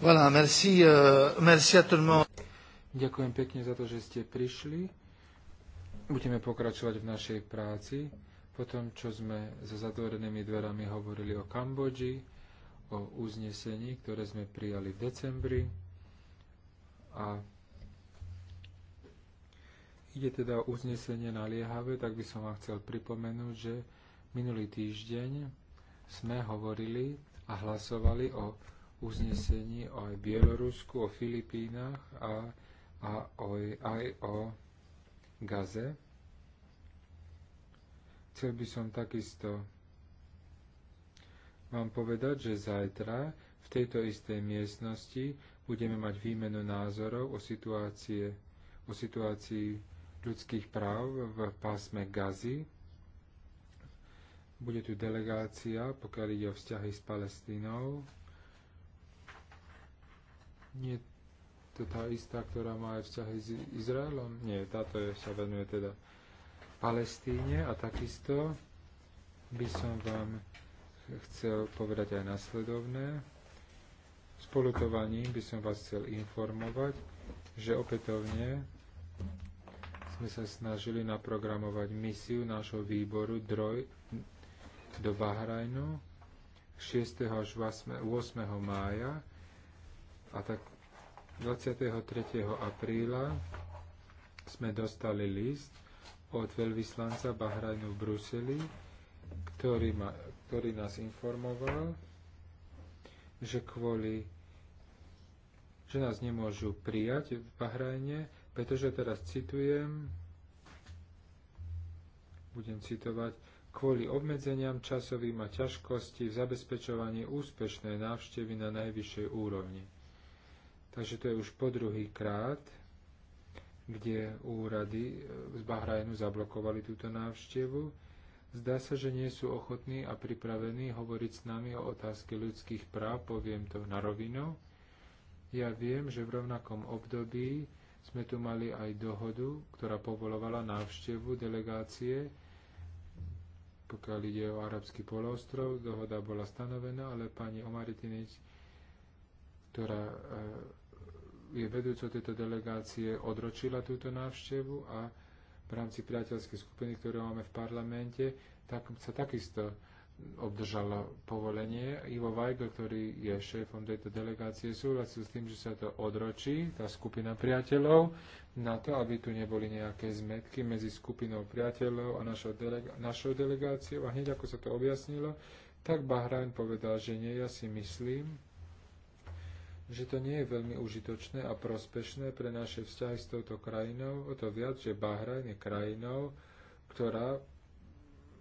Voilà, merci, euh, merci à tout le monde. Ďakujem pekne za to, že ste prišli. Budeme pokračovať v našej práci. Po tom, čo sme za zatvorenými dverami hovorili o Kambodži, o uznesení, ktoré sme prijali v decembri. A ide teda o uznesenie liehave, tak by som vám chcel pripomenúť, že minulý týždeň sme hovorili a hlasovali o uznesení o aj Bielorusku, o Filipínach a, a aj o Gaze. Chcel by som takisto vám povedať, že zajtra v tejto istej miestnosti budeme mať výmenu názorov o, situácie, o situácii ľudských práv v pásme Gazy. Bude tu delegácia, pokiaľ ide o vzťahy s Palestínou, nie to tá istá, ktorá má aj vzťahy s Izraelom? Nie, táto je, sa venuje teda Palestíne a takisto by som vám chcel povedať aj nasledovné. Spolutovaním by som vás chcel informovať, že opätovne sme sa snažili naprogramovať misiu nášho výboru DROJ do Bahrajnu 6. až 8. mája a tak 23. apríla sme dostali list od veľvyslanca Bahrajnu v Bruseli, ktorý, ma, ktorý nás informoval, že kvôli že nás nemôžu prijať v Bahrajne, pretože teraz citujem, budem citovať, kvôli obmedzeniam časovým a ťažkosti v zabezpečovaní úspešnej návštevy na najvyššej úrovni. Takže to je už po druhý krát, kde úrady z Bahrajnu zablokovali túto návštevu. Zdá sa, že nie sú ochotní a pripravení hovoriť s nami o otázke ľudských práv, poviem to na rovinu. Ja viem, že v rovnakom období sme tu mali aj dohodu, ktorá povolovala návštevu delegácie, pokiaľ ide o arabský polostrov. Dohoda bola stanovená, ale pani Omari Tinič, ktorá je vedúco tejto delegácie odročila túto návštevu a v rámci priateľskej skupiny, ktorú máme v parlamente, tak sa takisto obdržalo povolenie. Ivo Weigl, ktorý je šéfom tejto delegácie, súhlasil s tým, že sa to odročí, tá skupina priateľov, na to, aby tu neboli nejaké zmetky medzi skupinou priateľov a našou, delega- našou delegáciou. A hneď ako sa to objasnilo, tak Bahrajn povedal, že nie, ja si myslím, že to nie je veľmi užitočné a prospešné pre naše vzťahy s touto krajinou, o to viac, že Bahrajn je krajinou, ktorá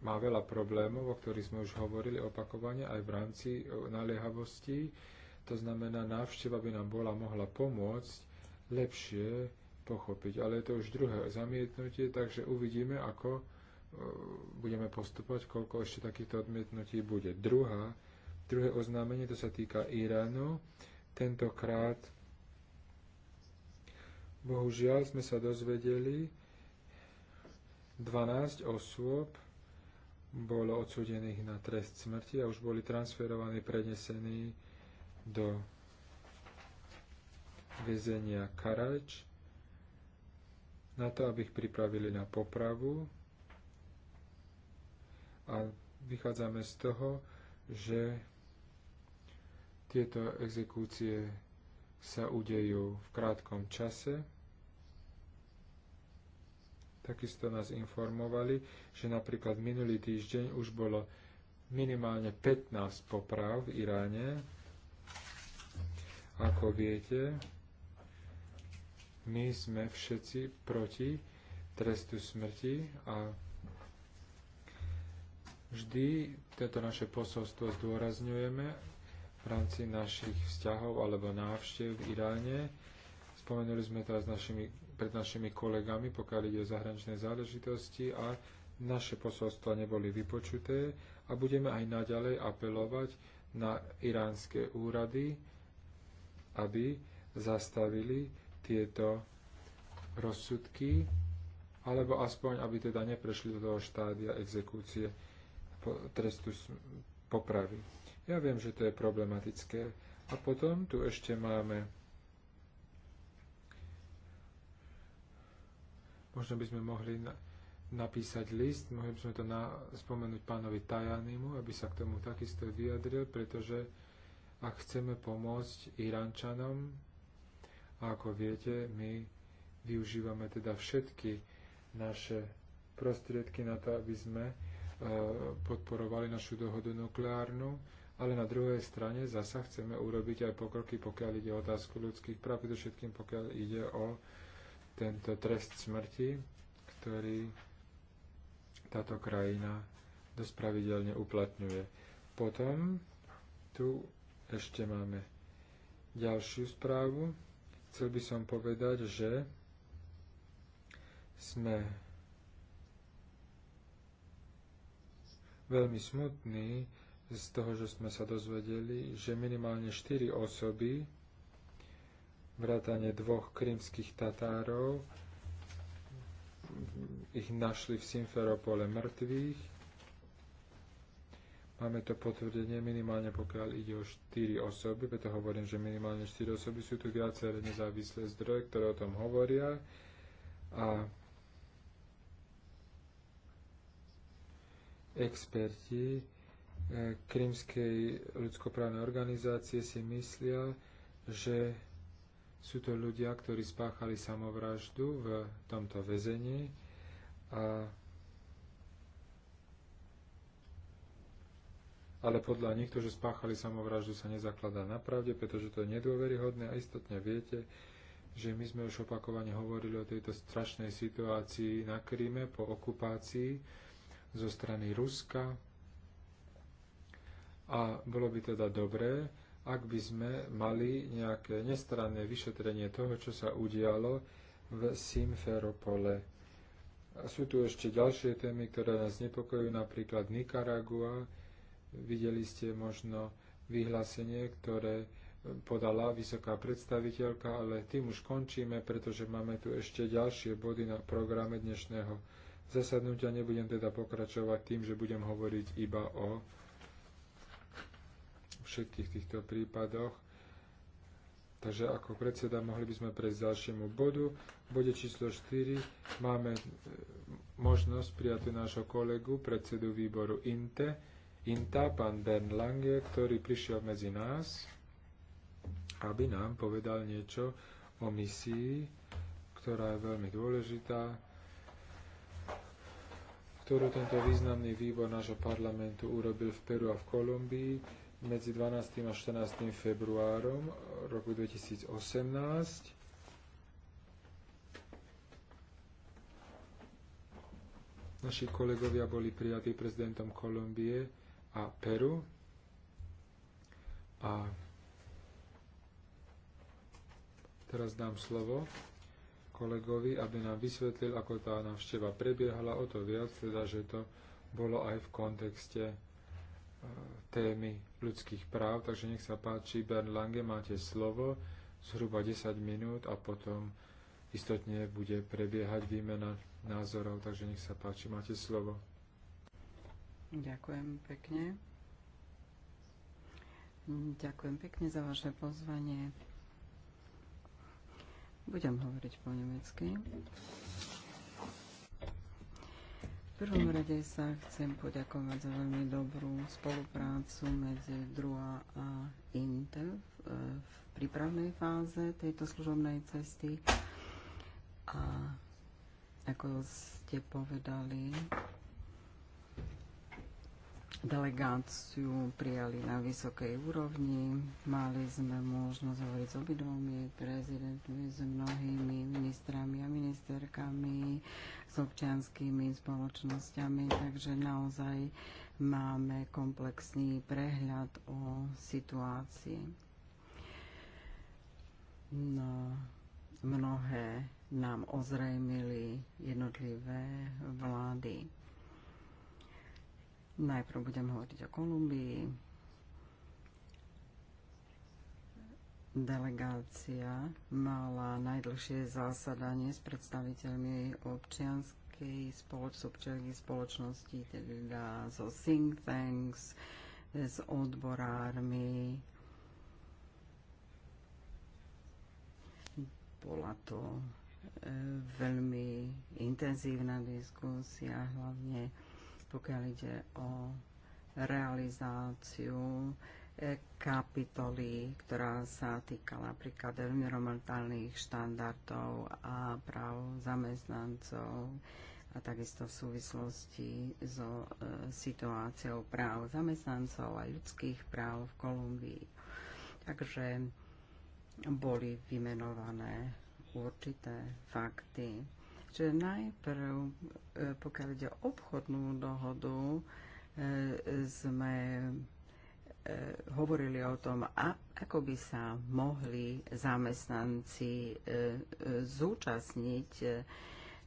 má veľa problémov, o ktorých sme už hovorili opakovane aj v rámci e, naliehavostí. To znamená, návšteva by nám bola mohla pomôcť lepšie pochopiť. Ale je to už druhé zamietnutie, takže uvidíme, ako e, budeme postupovať, koľko ešte takýchto odmietnutí bude. Druhá, druhé oznámenie, to sa týka Iránu Tentokrát bohužiaľ sme sa dozvedeli, 12 osôb bolo odsudených na trest smrti a už boli transferovaní, prenesení do väzenia Karač na to, aby ich pripravili na popravu a vychádzame z toho, že tieto exekúcie sa udejú v krátkom čase. Takisto nás informovali, že napríklad minulý týždeň už bolo minimálne 15 poprav v Iráne. Ako viete, my sme všetci proti trestu smrti a vždy toto naše posolstvo zdôrazňujeme v rámci našich vzťahov alebo návštev v Iráne. Spomenuli sme teraz našimi, pred našimi kolegami, pokiaľ ide o zahraničné záležitosti a naše posolstva neboli vypočuté a budeme aj naďalej apelovať na iránske úrady, aby zastavili tieto rozsudky, alebo aspoň, aby teda neprešli do toho štádia exekúcie trestu popravy. Ja viem, že to je problematické. A potom tu ešte máme možno by sme mohli na, napísať list, mohli by sme to na, spomenúť pánovi Tajanimu, aby sa k tomu takisto vyjadril, pretože ak chceme pomôcť Irančanom, a ako viete, my využívame teda všetky naše prostriedky na to, aby sme e, podporovali našu dohodu nukleárnu, ale na druhej strane zasa chceme urobiť aj pokroky, pokiaľ ide o otázku ľudských práv, predovšetkým pokiaľ ide o tento trest smrti, ktorý táto krajina dosť pravidelne uplatňuje. Potom tu ešte máme ďalšiu správu. Chcel by som povedať, že sme veľmi smutní, z toho, že sme sa dozvedeli, že minimálne 4 osoby, vrátane dvoch krymských Tatárov, ich našli v Simferopole mŕtvych. Máme to potvrdenie minimálne pokiaľ ide o 4 osoby, preto hovorím, že minimálne 4 osoby sú tu viaceré nezávislé zdroje, ktoré o tom hovoria. A experti krímskej ľudskoprávnej organizácie si myslia, že sú to ľudia, ktorí spáchali samovraždu v tomto väzení a ale podľa nich to, že spáchali samovraždu, sa nezakladá na pravde, pretože to je nedôveryhodné a istotne viete, že my sme už opakovane hovorili o tejto strašnej situácii na Kríme po okupácii zo strany Ruska, a bolo by teda dobré, ak by sme mali nejaké nestranné vyšetrenie toho, čo sa udialo v Simferopole. A sú tu ešte ďalšie témy, ktoré nás nepokojujú, napríklad Nikaragua. Videli ste možno vyhlásenie, ktoré podala vysoká predstaviteľka, ale tým už končíme, pretože máme tu ešte ďalšie body na programe dnešného zasadnutia. Nebudem teda pokračovať tým, že budem hovoriť iba o všetkých týchto prípadoch. Takže ako predseda mohli by sme prejsť ďalšiemu bodu. V bode číslo 4 máme e, možnosť prijať nášho kolegu, predsedu výboru INTE, INTA, pán Ben Lange, ktorý prišiel medzi nás, aby nám povedal niečo o misii, ktorá je veľmi dôležitá, ktorú tento významný výbor nášho parlamentu urobil v Peru a v Kolumbii medzi 12. a 14. februárom roku 2018. Naši kolegovia boli prijatí prezidentom Kolumbie a Peru. A teraz dám slovo kolegovi, aby nám vysvetlil, ako tá návšteva prebiehala, o to viac, teda, že to bolo aj v kontexte témy ľudských práv, takže nech sa páči, Bern Lange, máte slovo, zhruba 10 minút a potom istotne bude prebiehať výmena názorov, takže nech sa páči, máte slovo. Ďakujem pekne. Ďakujem pekne za vaše pozvanie. Budem hovoriť po nemecky prvom rade sa chcem poďakovať za veľmi dobrú spoluprácu medzi Drua a Intel v prípravnej fáze tejto služobnej cesty. A ako ste povedali, delegáciu prijali na vysokej úrovni. Mali sme možnosť hovoriť s obidvomi prezidentmi, s mnohými ministrami a ministerkami, s občianskými spoločnosťami, takže naozaj máme komplexný prehľad o situácii. No, mnohé nám ozrejmili jednotlivé vlády Najprv budem hovoriť o Kolumbii. Delegácia mala najdlhšie zásadanie s predstaviteľmi občianskej spoločnosti, spoločnosti, teda zo so think tanks, s odborármi, bola to e, veľmi intenzívna diskusia, hlavne pokiaľ ide o realizáciu e, kapitoly, ktorá sa týkala napríklad environmentálnych štandardov a práv zamestnancov a takisto v súvislosti so e, situáciou práv zamestnancov a ľudských práv v Kolumbii. Takže boli vymenované určité fakty Čiže najprv, e, pokiaľ ide o obchodnú dohodu, e, sme e, hovorili o tom, ako by sa mohli zamestnanci zúčastniť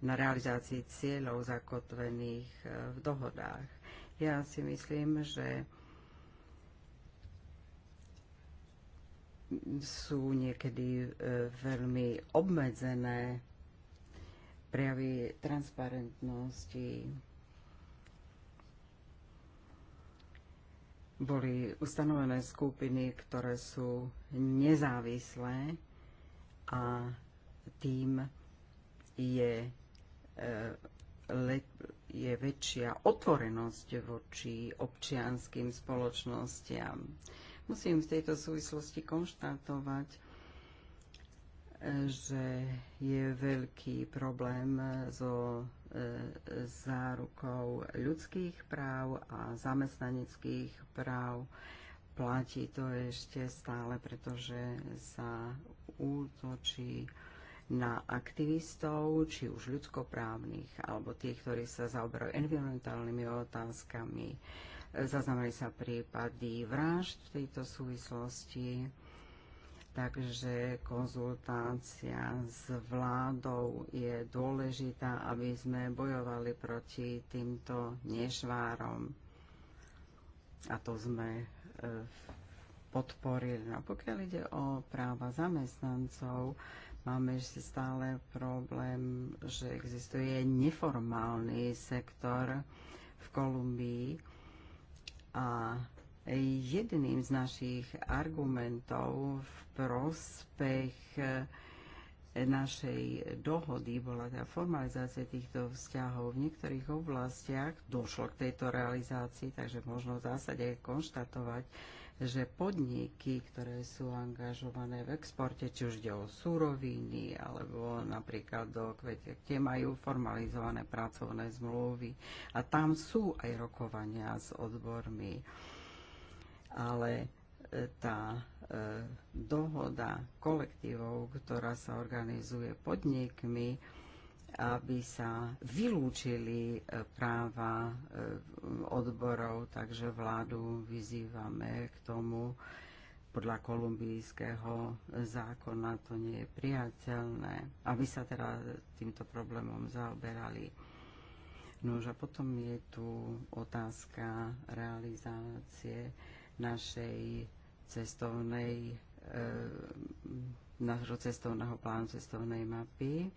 na realizácii cieľov zakotvených v dohodách. Ja si myslím, že sú niekedy veľmi obmedzené prejavy transparentnosti boli ustanovené skupiny, ktoré sú nezávislé a tým je, e, je väčšia otvorenosť voči občianským spoločnostiam. Musím v tejto súvislosti konštatovať, že je veľký problém so e, zárukou ľudských práv a zamestnaneckých práv. Platí to ešte stále, pretože sa útočí na aktivistov, či už ľudskoprávnych, alebo tých, ktorí sa zaoberajú environmentálnymi otázkami. Zaznamenali sa prípady vražd v tejto súvislosti Takže konzultácia s vládou je dôležitá, aby sme bojovali proti týmto nešvárom. A to sme e, podporili. A pokiaľ ide o práva zamestnancov, máme ešte stále problém, že existuje neformálny sektor v Kolumbii a jedným z našich argumentov v prospech eh, našej dohody bola tá formalizácia týchto vzťahov. V niektorých oblastiach došlo k tejto realizácii, takže možno v zásade konštatovať, že podniky, ktoré sú angažované v exporte, či už ide o súroviny, alebo napríklad do kvete, kde majú formalizované pracovné zmluvy. A tam sú aj rokovania s odbormi ale e, tá e, dohoda kolektívov, ktorá sa organizuje podnikmi, aby sa vylúčili e, práva odborov, takže vládu vyzývame k tomu, podľa kolumbijského zákona to nie je priateľné, aby sa teda týmto problémom zaoberali. No a potom je tu otázka realizácie našej cestovnej e, nášho cestovného plánu cestovnej mapy.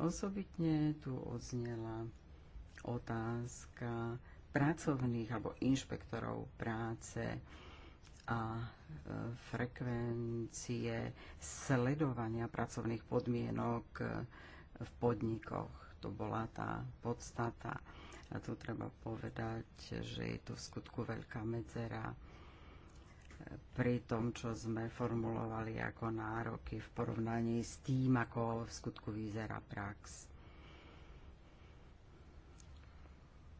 Osobitne tu odznela otázka pracovných alebo inšpektorov práce a e, frekvencie sledovania pracovných podmienok e, v podnikoch. To bola tá podstata. A tu treba povedať, že je tu v skutku veľká medzera pri tom, čo sme formulovali ako nároky v porovnaní s tým, ako v skutku vyzerá prax.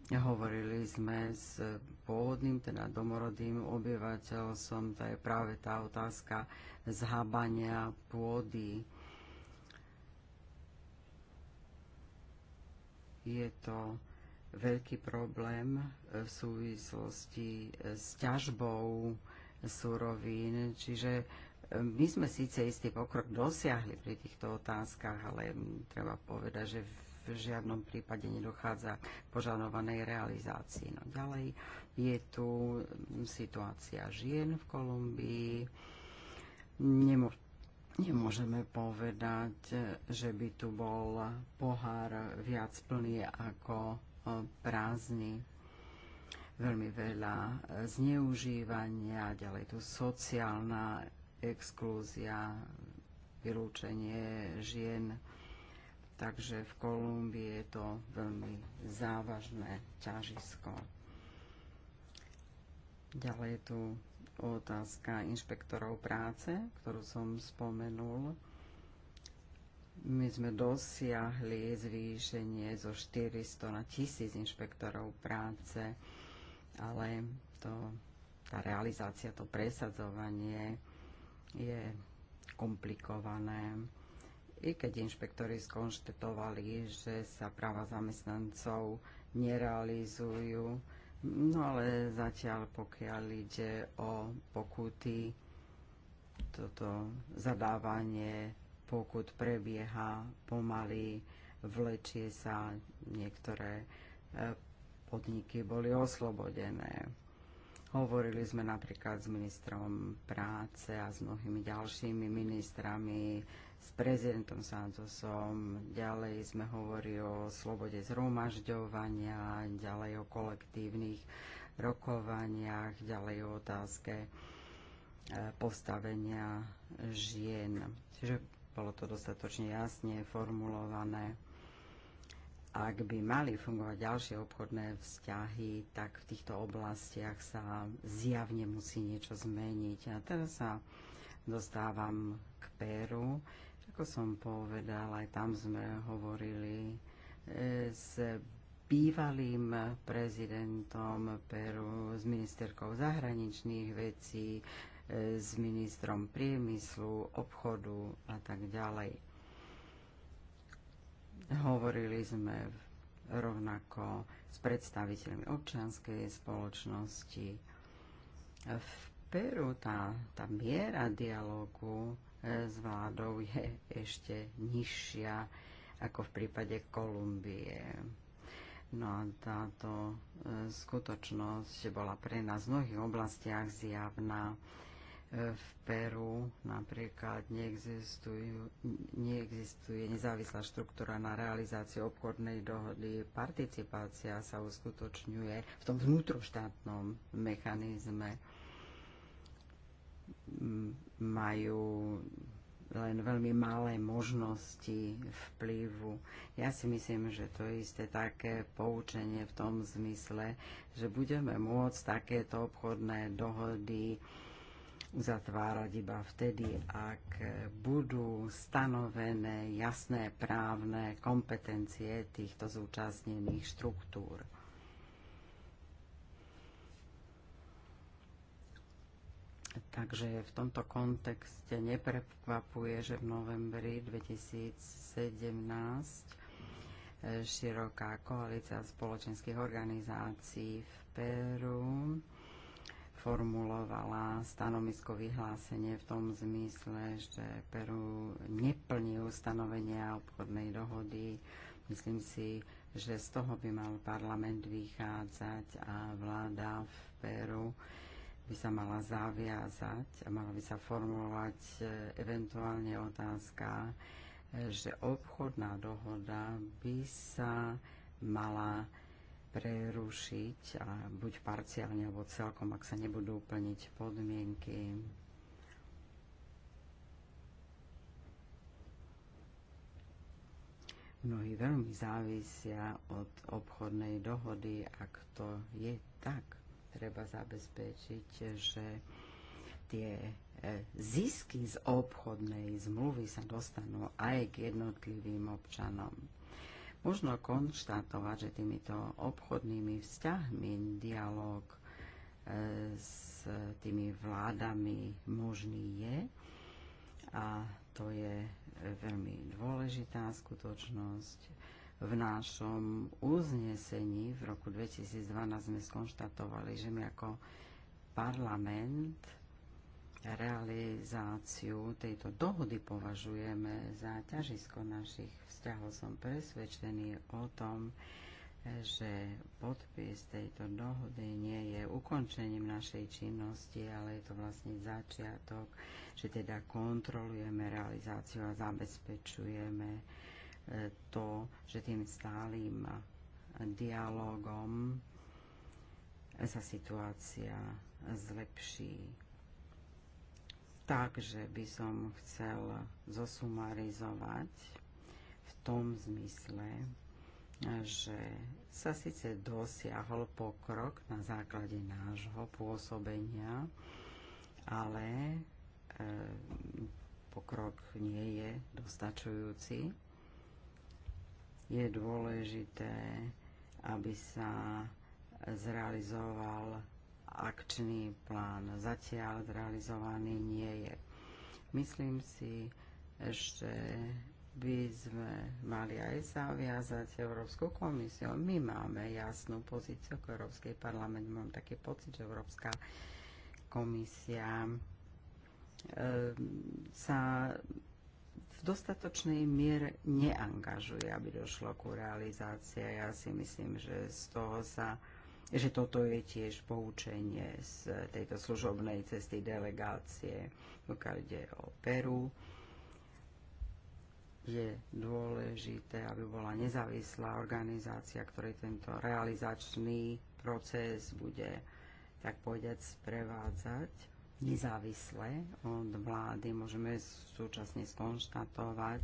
Hovorili sme s pôvodným, teda domorodým obyvateľom, to je práve tá otázka zhábania pôdy. Je to veľký problém v súvislosti s ťažbou súrovín. Čiže e, my sme síce istý pokrok dosiahli pri týchto otázkach, ale treba povedať, že v žiadnom prípade nedochádza k požadovanej realizácii. No ďalej je tu situácia žien v Kolumbii. Nemo, nemôžeme povedať, že by tu bol pohár viac plný ako e, prázdny veľmi veľa zneužívania, ďalej tu sociálna exklúzia, vylúčenie žien. Takže v Kolumbii je to veľmi závažné ťažisko. Ďalej je tu otázka inšpektorov práce, ktorú som spomenul. My sme dosiahli zvýšenie zo 400 na 1000 inšpektorov práce ale to, tá realizácia, to presadzovanie je komplikované. I keď inšpektori skonštetovali, že sa práva zamestnancov nerealizujú, no ale zatiaľ pokiaľ ide o pokuty, toto zadávanie pokut prebieha pomaly, vlečie sa niektoré e, podniky boli oslobodené. Hovorili sme napríklad s ministrom práce a s mnohými ďalšími ministrami, s prezidentom Santosom, ďalej sme hovorili o slobode zhromažďovania, ďalej o kolektívnych rokovaniach, ďalej o otázke e, postavenia žien. Čiže bolo to dostatočne jasne formulované ak by mali fungovať ďalšie obchodné vzťahy, tak v týchto oblastiach sa zjavne musí niečo zmeniť. A teraz sa dostávam k Peru. Ako som povedal, aj tam sme hovorili e, s bývalým prezidentom Peru, s ministerkou zahraničných vecí, e, s ministrom priemyslu, obchodu a tak ďalej. Hovorili sme rovnako s predstaviteľmi občianskej spoločnosti. V Peru tá, tá miera dialogu eh, s vládou je ešte nižšia ako v prípade Kolumbie. No a táto eh, skutočnosť bola pre nás v mnohých oblastiach zjavná v Peru napríklad neexistuje nezávislá štruktúra na realizáciu obchodnej dohody. Participácia sa uskutočňuje v tom vnútroštátnom mechanizme. Majú len veľmi malé možnosti vplyvu. Ja si myslím, že to je isté také poučenie v tom zmysle, že budeme môcť takéto obchodné dohody uzatvárať iba vtedy, ak budú stanovené jasné právne kompetencie týchto zúčastnených štruktúr. Takže v tomto kontexte neprekvapuje, že v novembri 2017 široká koalícia spoločenských organizácií v Peru formulovala stanovisko vyhlásenie v tom zmysle, že Peru neplní ustanovenia obchodnej dohody. Myslím si, že z toho by mal parlament vychádzať a vláda v Peru by sa mala zaviazať a mala by sa formulovať e, eventuálne otázka, e, že obchodná dohoda by sa mala prerušiť, a buď parciálne, alebo celkom, ak sa nebudú plniť podmienky. Mnohí veľmi závisia od obchodnej dohody, ak to je tak. Treba zabezpečiť, že tie e, zisky z obchodnej zmluvy sa dostanú aj k jednotlivým občanom Možno konštatovať, že týmito obchodnými vzťahmi dialog e, s tými vládami možný je a to je veľmi dôležitá skutočnosť. V našom uznesení v roku 2012 sme skonštatovali, že my ako parlament realizáciu tejto dohody považujeme za ťažisko našich vzťahov. Som presvedčený o tom, že podpis tejto dohody nie je ukončením našej činnosti, ale je to vlastne začiatok, že teda kontrolujeme realizáciu a zabezpečujeme e, to, že tým stálým dialogom sa situácia zlepší Takže by som chcel zosumarizovať v tom zmysle, že sa síce dosiahol pokrok na základe nášho pôsobenia, ale e, pokrok nie je dostačujúci. Je dôležité, aby sa zrealizoval akčný plán zatiaľ zrealizovaný nie je. Myslím si, že by sme mali aj zaviazať Európsku komisiu. My máme jasnú pozíciu ako Európskej parlament. Mám taký pocit, že Európska komisia e, sa v dostatočnej miere neangažuje, aby došlo ku realizácii. Ja si myslím, že z toho sa že toto je tiež poučenie z tejto služobnej cesty delegácie, pokiaľ ide o Peru. Je dôležité, aby bola nezávislá organizácia, ktorej tento realizačný proces bude, tak povedať, sprevádzať nezávisle od vlády. Môžeme súčasne skonštatovať,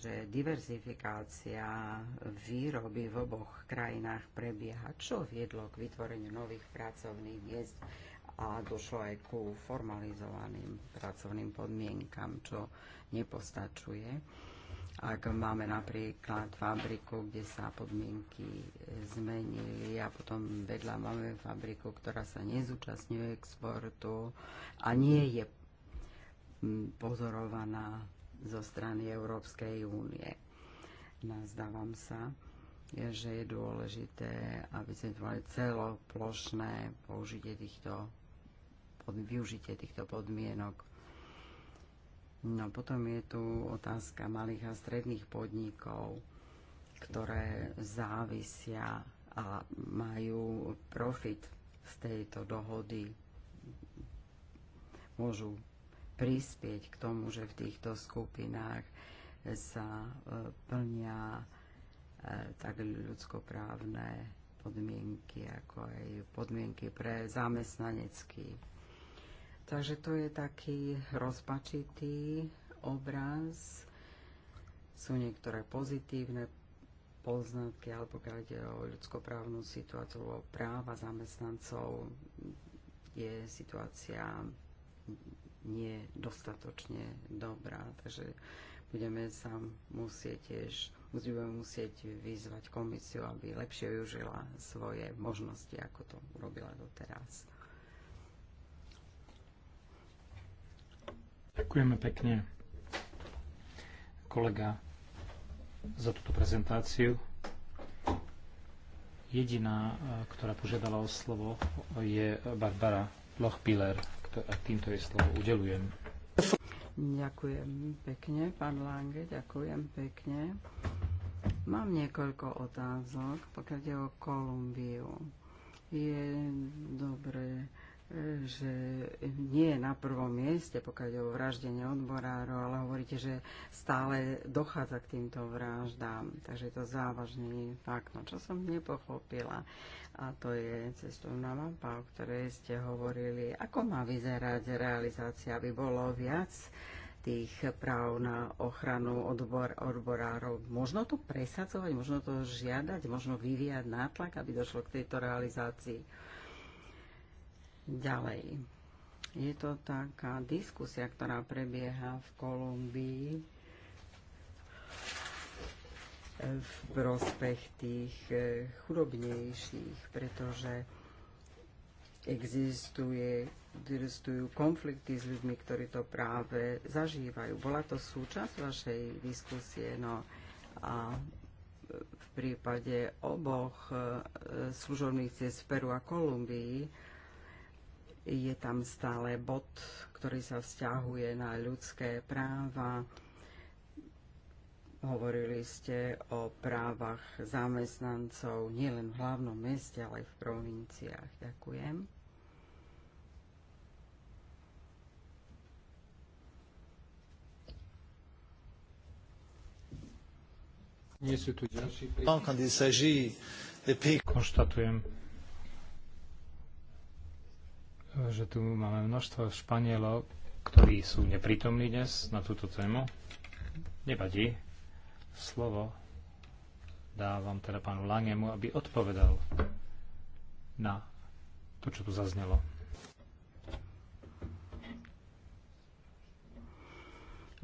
že diverzifikácia výroby v oboch krajinách prebieha, čo viedlo k vytvoreniu nových pracovných miest a došlo aj ku formalizovaným pracovným podmienkam, čo nepostačuje. Ak máme napríklad fabriku, kde sa podmienky zmenili a potom vedľa máme fabriku, ktorá sa nezúčastňuje exportu a nie je mm, pozorovaná zo strany Európskej únie. Nazdávam no, sa, že je dôležité, aby sme tu mali celoplošné použitie týchto, využitie týchto podmienok. No potom je tu otázka malých a stredných podnikov, ktoré závisia a majú profit z tejto dohody môžu prispieť k tomu, že v týchto skupinách sa e, plnia e, tak ľudskoprávne podmienky, ako aj podmienky pre zamestnanecký. Takže to je taký rozpačitý obraz. Sú niektoré pozitívne poznatky, alebo keď ide o ľudskoprávnu situáciu, o práva zamestnancov, je situácia nie dostatočne dobrá, takže budeme sa musieť tiež budeme musieť vyzvať komisiu, aby lepšie využila svoje možnosti, ako to urobila doteraz. Ďakujeme pekne, kolega, za túto prezentáciu. Jediná, e, ktorá požiadala o slovo, je Barbara Lochpiller a týmto je slovo udelujem. Ďakujem pekne, pán Lange, ďakujem pekne. Mám niekoľko otázok, pokiaľ je o Kolumbiu. Je dobré, že nie je na prvom mieste, pokiaľ je o vraždenie odborárov, ale hovoríte, že stále dochádza k týmto vraždám, takže je to závažný fakt. No čo som nepochopila, a to je cestovná mapa, o ktorej ste hovorili, ako má vyzerať realizácia, aby bolo viac tých práv na ochranu odbor, odborárov. Možno to presadzovať, možno to žiadať, možno vyvíjať nátlak, aby došlo k tejto realizácii ďalej. Je to taká diskusia, ktorá prebieha v Kolumbii v prospech tých e, chudobnejších, pretože existuje, existujú konflikty s ľuďmi, ktorí to práve zažívajú. Bola to súčasť vašej diskusie, no a v prípade oboch e, e, služobných cest v Peru a Kolumbii je tam stále bod, ktorý sa vzťahuje na ľudské práva. Hovorili ste o právach zamestnancov nielen v hlavnom meste, ale aj v provinciách. Ďakujem. Nie sú tu ďalší Konštatujem, že tu máme množstvo Španielov, ktorí sú neprítomní dnes na túto tému. Nevadí. Slovo dávam teda pánu Langemu, aby odpovedal na to, čo tu zaznelo.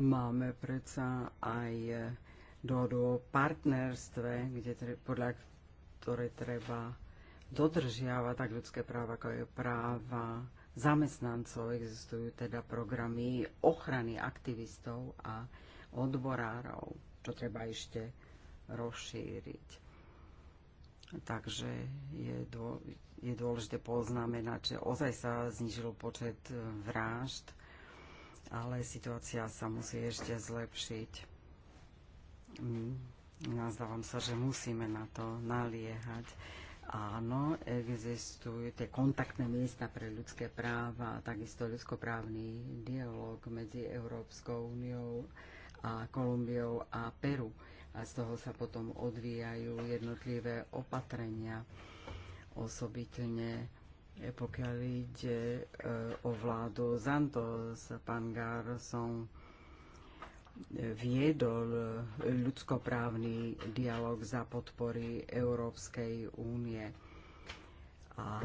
Máme predsa aj dohodu o partnerstve, kde podľa ktorej treba dodržiava tak ľudské práva, ako je práva zamestnancov. Existujú teda programy ochrany aktivistov a odborárov, čo treba ešte rozšíriť. Takže je, dô, je dôležité poznamenať, že ozaj sa znižil počet e, vražd, ale situácia sa musí ešte zlepšiť. Mm, nazdávam sa, že musíme na to naliehať. Áno, existujú tie kontaktné miesta pre ľudské práva a takisto ľudskoprávny dialog medzi Európskou úniou a Kolumbiou a Peru. A z toho sa potom odvíjajú jednotlivé opatrenia. Osobitne pokiaľ ide e, o vládu Santos, pán Garson viedol e, ľudskoprávny dialog za podpory Európskej únie a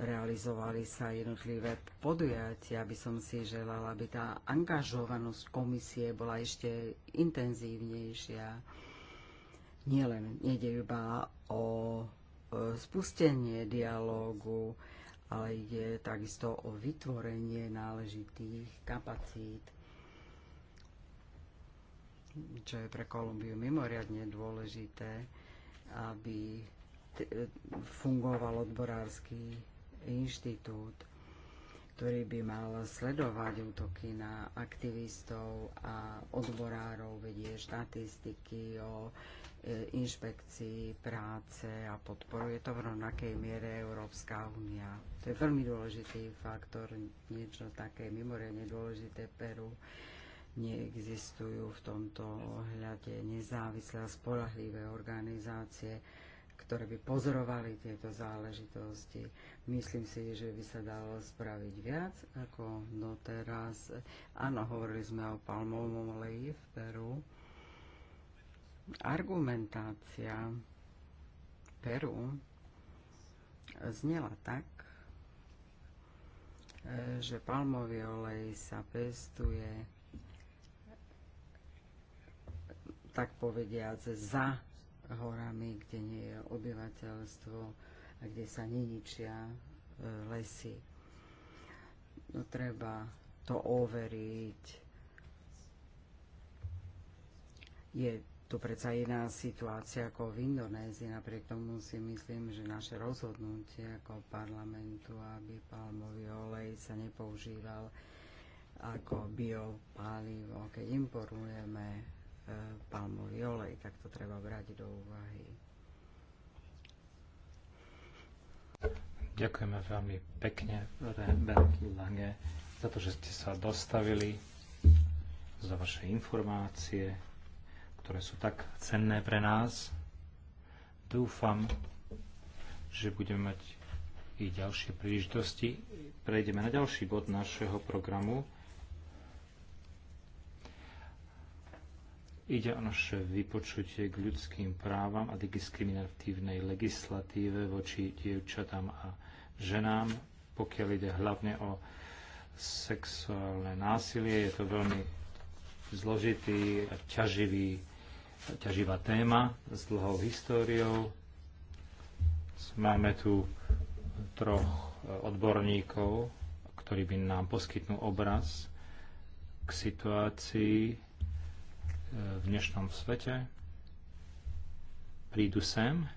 realizovali sa jednotlivé podujatia. By som si želala, aby tá angažovanosť komisie bola ešte intenzívnejšia. Nielen nejde iba o e, spustenie dialógu, ale ide takisto o vytvorenie náležitých kapacít čo je pre Kolumbiu mimoriadne dôležité, aby fungoval odborársky inštitút, ktorý by mal sledovať útoky na aktivistov a odborárov, vedie štatistiky o e, inšpekcii práce a podporuje to v rovnakej miere Európska únia. To je veľmi dôležitý faktor, niečo také mimoriadne dôležité Peru neexistujú v tomto ohľade nezávislé a spolahlivé organizácie, ktoré by pozorovali tieto záležitosti. Myslím si, že by sa dalo spraviť viac ako doteraz. Áno, hovorili sme o palmovom oleji v Peru. Argumentácia Peru znela tak, e, že palmový olej sa pestuje tak povediať za horami, kde nie je obyvateľstvo a kde sa neničia e, lesy. No, treba to overiť. Je tu predsa iná situácia ako v Indonézii. Napriek tomu si myslím, že naše rozhodnutie ako parlamentu, aby palmový olej sa nepoužíval ako biopálivo, keď importujeme E, palmový olej, tak to treba brať do úvahy. Ďakujeme veľmi pekne, Rebert Lange, za to, že ste sa dostavili, za vaše informácie, ktoré sú tak cenné pre nás. Dúfam, že budeme mať i ďalšie príležitosti. Prejdeme na ďalší bod našeho programu Ide o naše vypočutie k ľudským právam a diskriminatívnej legislatíve voči dievčatám a ženám, pokiaľ ide hlavne o sexuálne násilie. Je to veľmi zložitý a ťaživý, ťaživá téma s dlhou históriou. Máme tu troch odborníkov, ktorí by nám poskytnú obraz k situácii v dnešnom svete prídu sem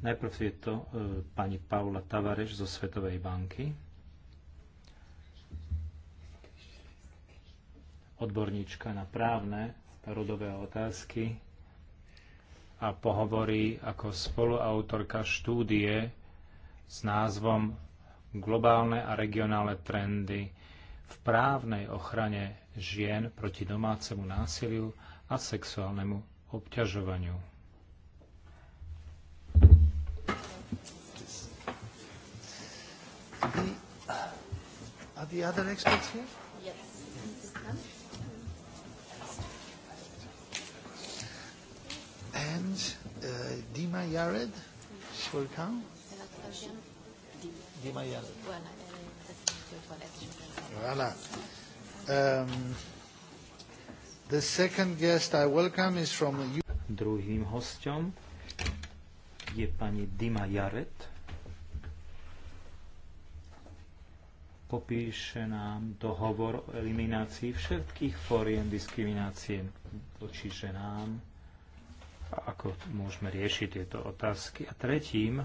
Najprv je to e, pani Paula Tavareš zo Svetovej banky, odborníčka na právne rodové otázky a pohovorí ako spoluautorka štúdie s názvom globálne a regionálne trendy v právnej ochrane žien proti domácemu násiliu a sexuálnemu obťažovaniu. And uh, Dima Yared, she will come di maiale. Voilà. Um, the second guest I welcome is from you. Druhým hostom je pani Dima Jaret. Popíše nám dohovor o eliminácii všetkých fóriem diskriminácie voči ženám ako môžeme riešiť tieto otázky. A tretím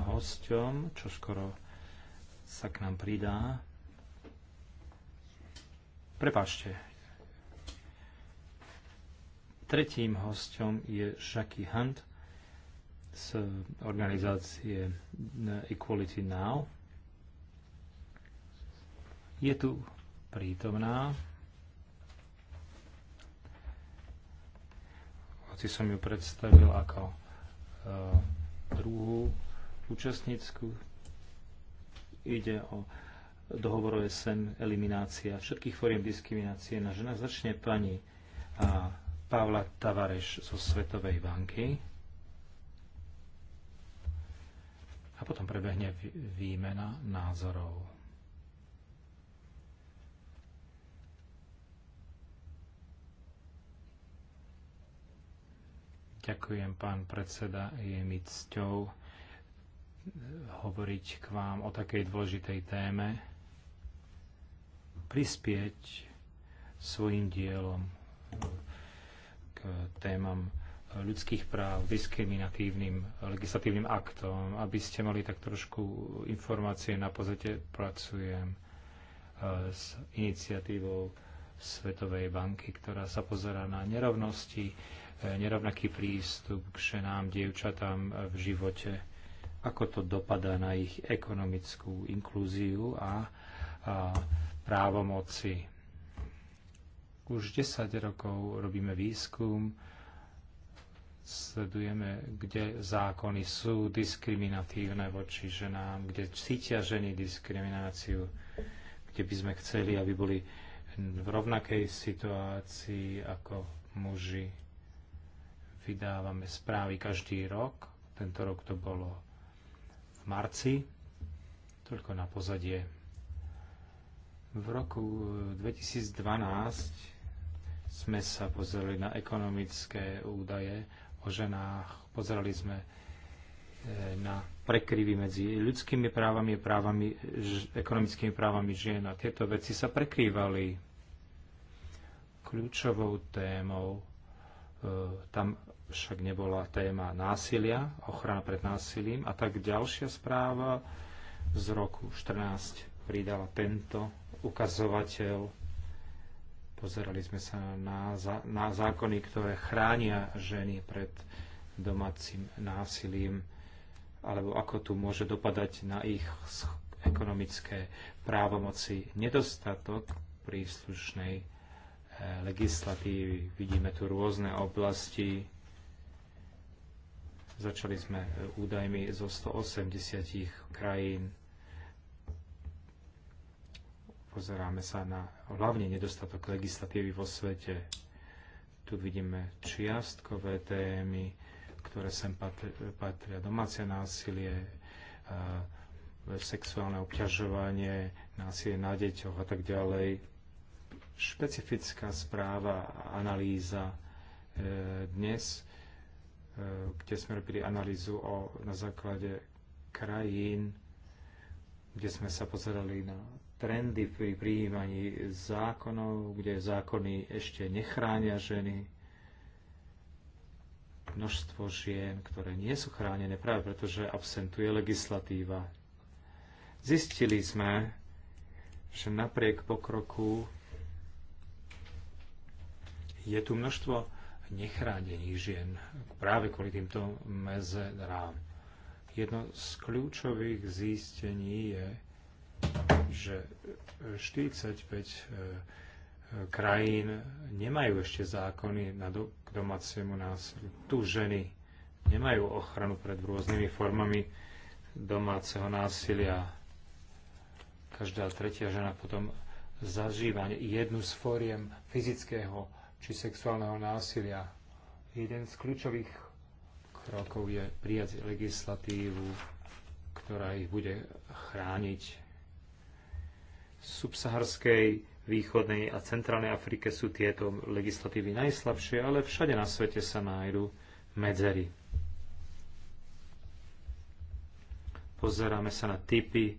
hosťom, čo skoro sa k nám pridá. Prepašte. Tretím hosťom je Jackie Hunt z organizácie Equality Now. Je tu prítomná. Hoci som ju predstavil ako uh, druhú účastnícku. Ide o dohovor OSN eliminácia všetkých foriem diskriminácie na žena. Začne pani Pavla Tavareš zo Svetovej banky. A potom prebehne výmena názorov. Ďakujem, pán predseda, je mi cťou hovoriť k vám o takej dôležitej téme, prispieť svojim dielom k témam ľudských práv, diskriminatívnym legislatívnym aktom, aby ste mali tak trošku informácie na pozete pracujem e, s iniciatívou Svetovej banky, ktorá sa pozerá na nerovnosti, e, nerovnaký prístup k ženám, dievčatám v živote ako to dopadá na ich ekonomickú inklúziu a, a právomoci. Už 10 rokov robíme výskum, sledujeme, kde zákony sú diskriminatívne voči ženám, kde cítia ženy diskrimináciu, kde by sme chceli, aby boli v rovnakej situácii ako muži. Vydávame správy každý rok. Tento rok to bolo v marci. Toľko na pozadie. V roku 2012 eh, sme sa pozreli na ekonomické údaje o ženách, Pozreli sme eh, na prekryvy medzi ľudskými právami a právami, ekonomickými právami žien. A tieto veci sa prekrývali kľúčovou témou. Eh, tam však nebola téma násilia, ochrana pred násilím a tak ďalšia správa z roku 14 pridala tento ukazovateľ. Pozerali sme sa na, na zákony, ktoré chránia ženy pred domácim násilím, alebo ako tu môže dopadať na ich ekonomické právomoci nedostatok príslušnej eh, legislatívy. Vidíme tu rôzne oblasti, Začali sme e, údajmi zo 180 krajín. Pozeráme sa na hlavne nedostatok legislatívy vo svete. Tu vidíme čiastkové témy, ktoré sem patria domáce násilie, e, sexuálne obťažovanie, násilie na deťoch a tak ďalej. Špecifická správa a analýza e, dnes Eh, kde sme robili analýzu o, na základe krajín, kde sme sa pozerali na trendy pri prijímaní zákonov, kde zákony ešte nechránia ženy, množstvo žien, ktoré nie sú chránené práve preto, že absentuje legislatíva. Zistili sme, že napriek pokroku je tu množstvo nechránených žien práve kvôli týmto mezerám. Jedno z kľúčových zistení je, že 45 e, e, krajín nemajú ešte zákony na do, k domácemu násiliu. Tu ženy nemajú ochranu pred rôznymi formami domáceho násilia. Každá tretia žena potom zažíva jednu z fóriem fyzického či sexuálneho násilia. Jeden z kľúčových krokov je prijať legislatívu, ktorá ich bude chrániť. V subsaharskej, východnej a centrálnej Afrike sú tieto legislatívy najslabšie, ale všade na svete sa nájdu medzery. Pozeráme sa na typy e,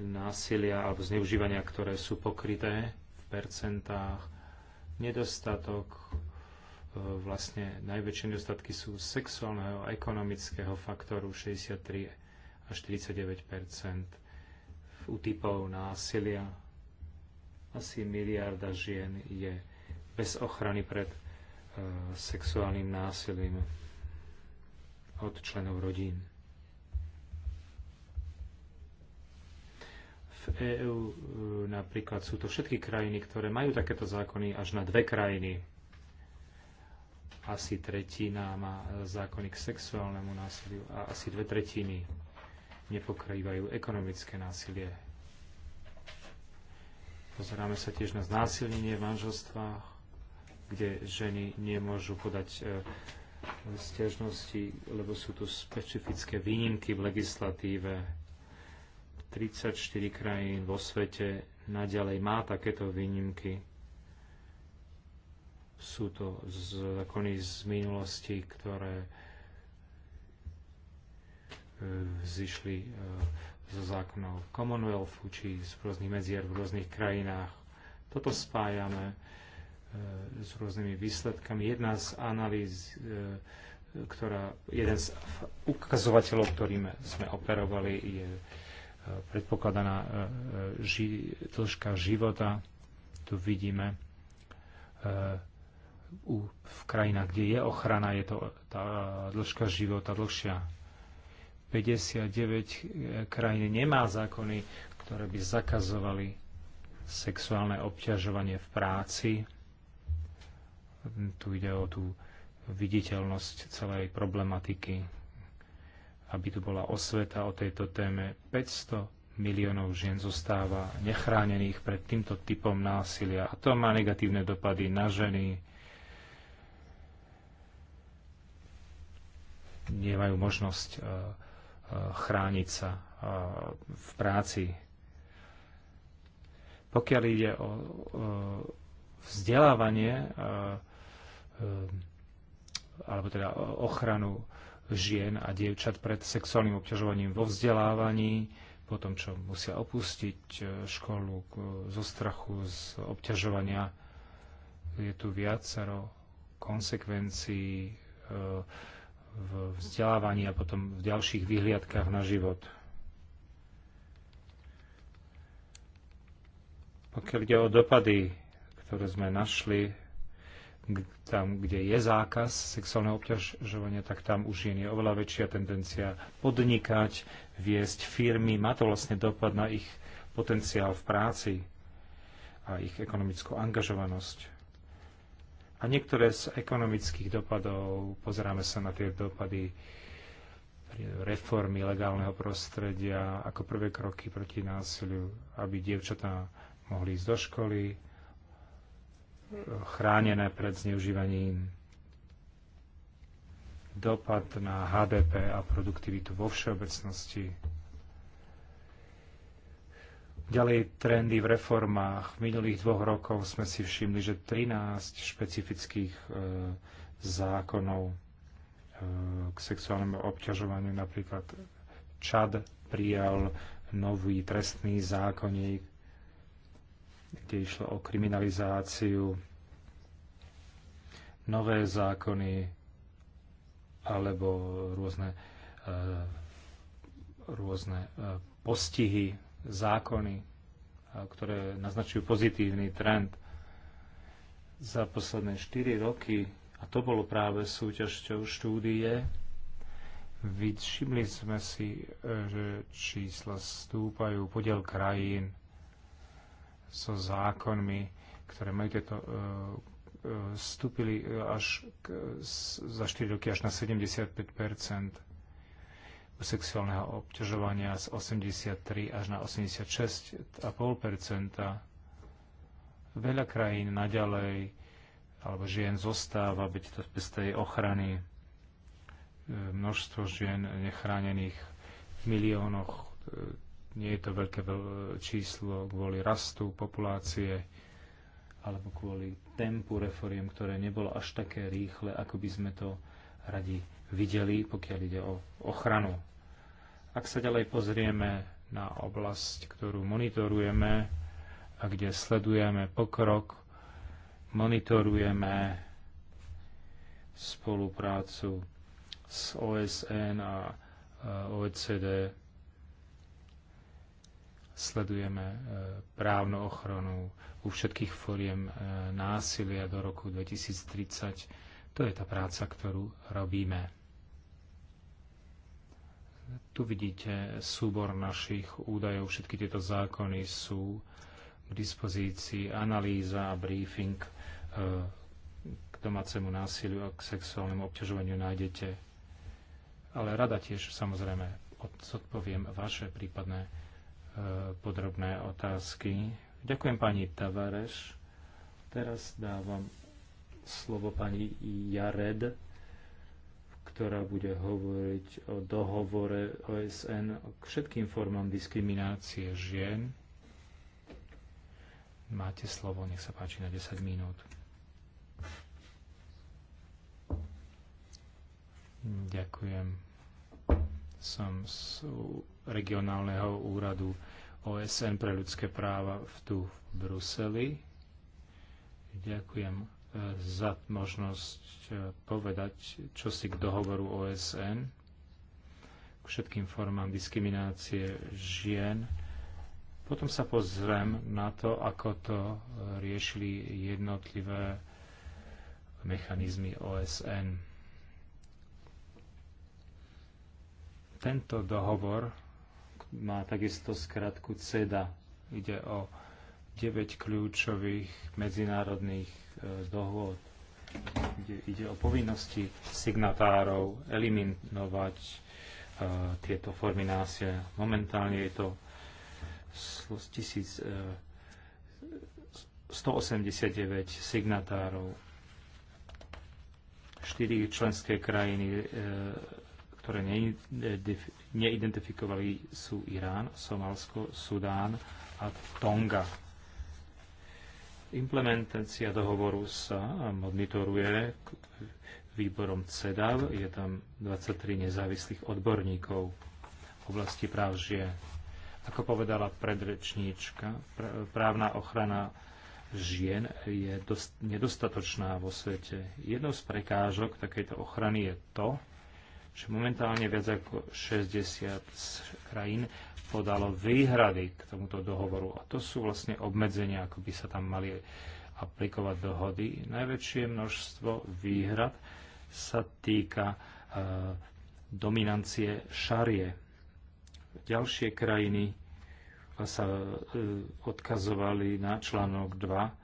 násilia alebo zneužívania, ktoré sú pokryté Nedostatok, e, vlastne najväčšie nedostatky sú sexuálneho a ekonomického faktoru 63 až 49 u typov násilia. Asi miliarda žien je bez ochrany pred e, sexuálnym násilím od členov rodín. v EÚ e, napríklad sú to všetky krajiny, ktoré majú takéto zákony až na dve krajiny. Asi tretina má zákony k sexuálnemu násiliu a asi dve tretiny nepokrývajú ekonomické násilie. Pozeráme sa tiež na znásilnenie v manželstvách, kde ženy nemôžu podať e, stiažnosti, lebo sú tu špecifické výnimky v legislatíve 34 krajín vo svete naďalej má takéto výnimky. Sú to zákony z minulosti, ktoré e, zišli e, zo zákonov Commonwealthu či z rôznych medzier v rôznych krajinách. Toto spájame e, s rôznymi výsledkami. Jedna z analýz, ktorá, jeden z ukazovateľov, ktorým sme operovali, je predpokladaná e, e, ži, dĺžka života. Tu vidíme e, v krajinách, kde je ochrana, je to tá dĺžka života dlhšia. 59 krajín nemá zákony, ktoré by zakazovali sexuálne obťažovanie v práci. Tu ide o tú viditeľnosť celej problematiky aby tu bola osveta o tejto téme. 500 miliónov žien zostáva nechránených pred týmto typom násilia a to má negatívne dopady na ženy. Nemajú možnosť e, e, chrániť sa e, v práci. Pokiaľ ide o vzdelávanie, alebo teda ochranu žien a dievčat pred sexuálnym obťažovaním vo vzdelávaní, po tom, čo musia opustiť e, školu zo strachu, z obťažovania. Je tu viacero konsekvencií e, v vzdelávaní a potom v ďalších vyhliadkách na život. Pokiaľ ide o dopady, ktoré sme našli tam, kde je zákaz sexuálneho obťažovania, tak tam už je oveľa väčšia tendencia podnikať, viesť firmy. Má to vlastne dopad na ich potenciál v práci a ich ekonomickú angažovanosť. A niektoré z ekonomických dopadov, pozeráme sa na tie dopady reformy legálneho prostredia ako prvé kroky proti násiliu, aby dievčatá mohli ísť do školy, chránené pred zneužívaním. Dopad na HDP a produktivitu vo všeobecnosti. Ďalej trendy v reformách. V minulých dvoch rokoch sme si všimli, že 13 špecifických e, zákonov e, k sexuálnemu obťažovaniu, napríklad ČAD prijal nový trestný zákonník, kde išlo o kriminalizáciu, nové zákony alebo rôzne, eh, rôzne eh, postihy, zákony, eh, ktoré naznačujú pozitívny trend za posledné 4 roky, a to bolo práve súťažťou štúdie, Všimli sme si, že čísla stúpajú, podiel krajín so zákonmi, ktoré majú tieto e, e, vstúpili e, až k, za 4 roky až na 75 sexuálneho obťažovania z 83 až na 86,5 Veľa krajín naďalej alebo žien zostáva byť to bez tej ochrany. Množstvo žien nechránených v miliónoch nie je to veľké číslo kvôli rastu populácie alebo kvôli tempu reforiem, ktoré nebolo až také rýchle, ako by sme to radi videli, pokiaľ ide o ochranu. Ak sa ďalej pozrieme na oblasť, ktorú monitorujeme a kde sledujeme pokrok, monitorujeme spoluprácu s OSN a OECD Sledujeme e, právnu ochranu u všetkých foriem e, násilia do roku 2030. To je tá práca, ktorú robíme. Tu vidíte súbor našich údajov. Všetky tieto zákony sú k dispozícii, analýza a briefing e, k domácemu násiliu a k sexuálnemu obťažovaniu nájdete. Ale rada tiež samozrejme odpoviem vaše prípadné E, podrobné otázky. Ďakujem pani Tavareš. Teraz dávam slovo pani Jared, ktorá bude hovoriť o dohovore OSN k všetkým formám diskriminácie žien. Máte slovo, nech sa páči na 10 minút. Ďakujem. Som regionálneho úradu OSN pre ľudské práva v tu v Bruseli. Ďakujem e, za možnosť e, povedať, čo si k dohovoru OSN, k všetkým formám diskriminácie žien. Potom sa pozriem na to, ako to e, riešili jednotlivé mechanizmy OSN. Tento dohovor má takisto skratku CEDA. Ide o 9 kľúčových medzinárodných e, dohôd, kde ide o povinnosti signatárov eliminovať e, tieto formy násilia. Momentálne je to 189 e, signatárov. 4 členské krajiny ktoré neidentifikovali, sú Irán, Somálsko, Sudán a Tonga. Implementácia dohovoru sa monitoruje výborom CEDAV. Je tam 23 nezávislých odborníkov v oblasti práv žien. Ako povedala predrečníčka, právna ochrana žien je dost nedostatočná vo svete. Jednou z prekážok takejto ochrany je to, že momentálne viac ako 60 krajín podalo výhrady k tomuto dohovoru. A to sú vlastne obmedzenia, ako by sa tam mali aplikovať dohody. Najväčšie množstvo výhrad sa týka e, dominancie šarie. Ďalšie krajiny sa e, odkazovali na článok 2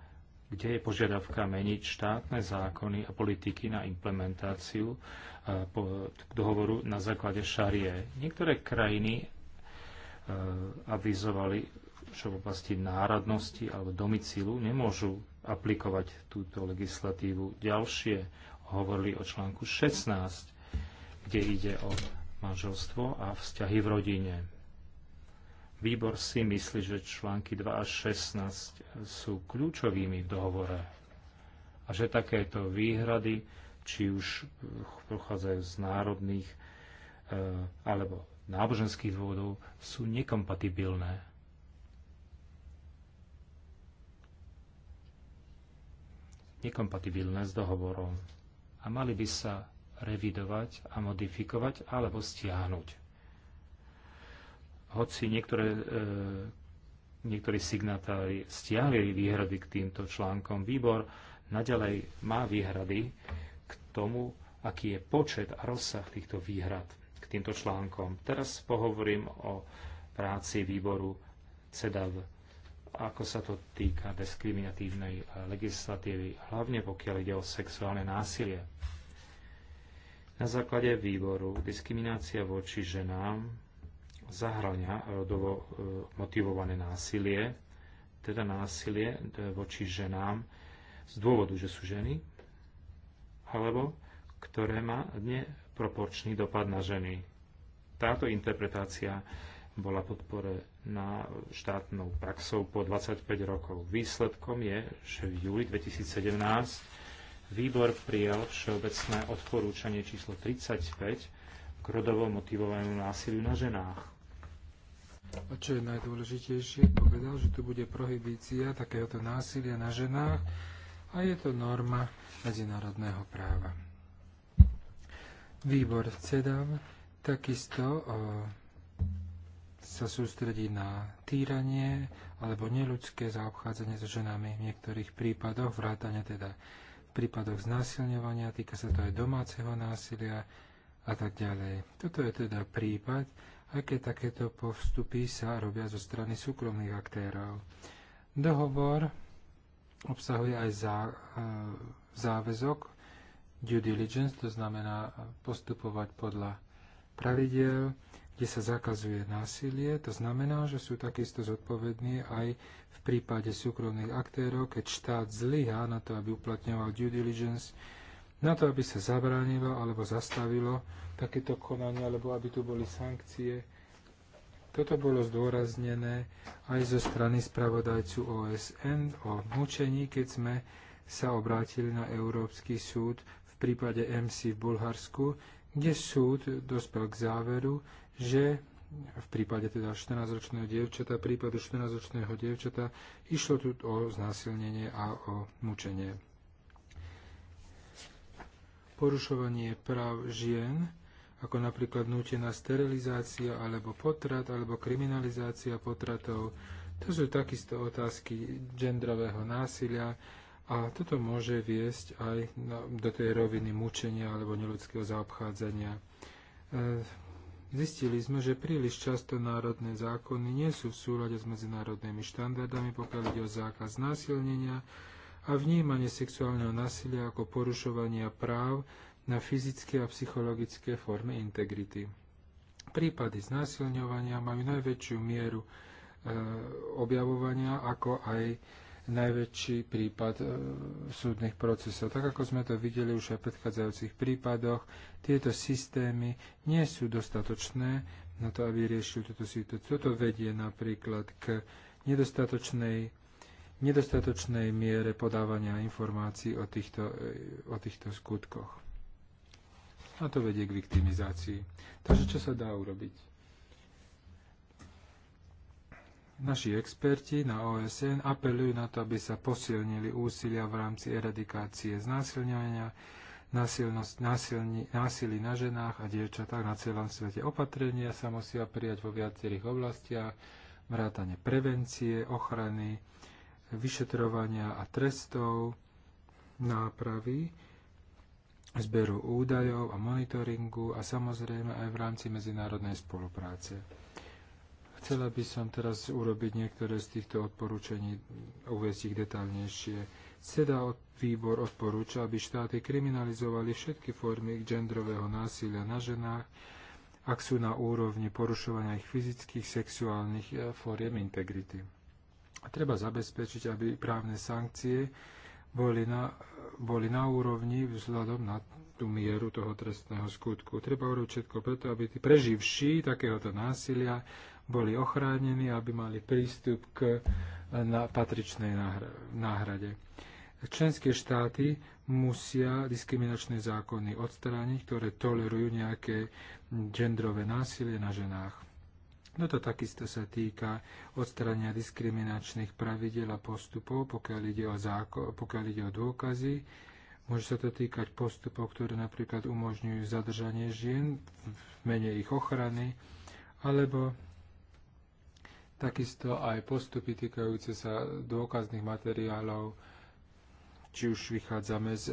kde je požiadavka meniť štátne zákony a politiky na implementáciu e, dohovoru na základe šarie. Niektoré krajiny e, avizovali, že v oblasti národnosti alebo domicilu nemôžu aplikovať túto legislatívu. Ďalšie hovorili o článku 16, kde ide o manželstvo a vzťahy v rodine. Výbor si myslí, že články 2 až 16 sú kľúčovými v dohovore a že takéto výhrady, či už pochádzajú z národných e, alebo náboženských dôvodov, sú nekompatibilné. Nekompatibilné s dohovorom a mali by sa revidovať a modifikovať alebo stiahnuť hoci niektoré, e, niektorí signatári stiahli výhrady k týmto článkom, výbor nadalej má výhrady k tomu, aký je počet a rozsah týchto výhrad k týmto článkom. Teraz pohovorím o práci výboru CEDAV, ako sa to týka diskriminatívnej e, legislatívy, hlavne pokiaľ ide o sexuálne násilie. Na základe výboru diskriminácia voči ženám zahrania rodovo e, e, motivované násilie, teda násilie e, voči ženám z dôvodu, že sú ženy, alebo ktoré má neproporčný dopad na ženy. Táto interpretácia bola podporená štátnou praxou po 25 rokov. Výsledkom je, že v júli 2017 výbor prijal všeobecné odporúčanie číslo 35 k rodovo motivovanému násiliu na ženách. A čo je najdôležitejšie, povedal, že tu bude prohibícia takéhoto násilia na ženách a je to norma medzinárodného práva. Výbor CEDAV takisto sa sústredí na týranie alebo neľudské zaobchádzanie so ženami v niektorých prípadoch, vrátane teda v prípadoch znásilňovania, týka sa to aj domáceho násilia a tak ďalej. Toto je teda prípad, aké takéto postupy sa robia zo strany súkromných aktérov. Dohovor obsahuje aj zá, e, záväzok due diligence, to znamená postupovať podľa pravidel, kde sa zakazuje násilie. To znamená, že sú takisto zodpovední aj v prípade súkromných aktérov, keď štát zlyhá na to, aby uplatňoval due diligence, na to, aby sa zabránilo alebo zastavilo takéto konanie, alebo aby tu boli sankcie. Toto bolo zdôraznené aj zo strany spravodajcu OSN o mučení, keď sme sa obrátili na Európsky súd v prípade MC v Bulharsku, kde súd dospel k záveru, že v prípade teda 14-ročného dievčata, prípadu 14-ročného dievčata, išlo tu o znásilnenie a o mučenie porušovanie práv žien, ako napríklad nútená sterilizácia alebo potrat alebo kriminalizácia potratov. To sú takisto otázky genderového násilia a toto môže viesť aj do tej roviny mučenia alebo neludského zaobchádzania. E, zistili sme, že príliš často národné zákony nie sú v súlade s medzinárodnými štandardami, pokiaľ ide o zákaz násilnenia, a vnímanie sexuálneho násilia ako porušovania práv na fyzické a psychologické formy integrity. Prípady znásilňovania majú najväčšiu mieru e, objavovania, ako aj najväčší prípad e, súdnych procesov. Tak ako sme to videli už aj v predchádzajúcich prípadoch, tieto systémy nie sú dostatočné na to, aby riešili túto situáciu. Toto vedie napríklad k nedostatočnej nedostatočnej miere podávania informácií o týchto, o týchto skutkoch. A to vedie k viktimizácii. Takže čo sa dá urobiť? Naši experti na OSN apelujú na to, aby sa posilnili úsilia v rámci eradikácie znásilňovania, násilí na ženách a dievčatách na celom svete. Opatrenia sa musia prijať vo viacerých oblastiach, vrátane prevencie, ochrany, vyšetrovania a trestov, nápravy, zberu údajov a monitoringu a samozrejme aj v rámci medzinárodnej spolupráce. Chcela by som teraz urobiť niektoré z týchto odporúčaní, uvieť ich detálnejšie. Seda výbor odporúča, aby štáty kriminalizovali všetky formy genderového násilia na ženách, ak sú na úrovni porušovania ich fyzických, sexuálnych eh, foriem integrity. Treba zabezpečiť, aby právne sankcie boli na, boli na úrovni vzhľadom na tú mieru toho trestného skutku. Treba urobiť všetko preto, aby tí preživší takéhoto násilia boli ochránení, aby mali prístup k na patričnej náhrade. Členské štáty musia diskriminačné zákony odstrániť, ktoré tolerujú nejaké gendrové násilie na ženách. No to takisto sa týka odstrania diskriminačných pravidel a postupov, pokiaľ ide o, záko- pokiaľ ide o dôkazy. Môže sa to týkať postupov, ktoré napríklad umožňujú zadržanie žien v mene ich ochrany, alebo takisto aj postupy týkajúce sa dôkazných materiálov, či už vychádzame z e,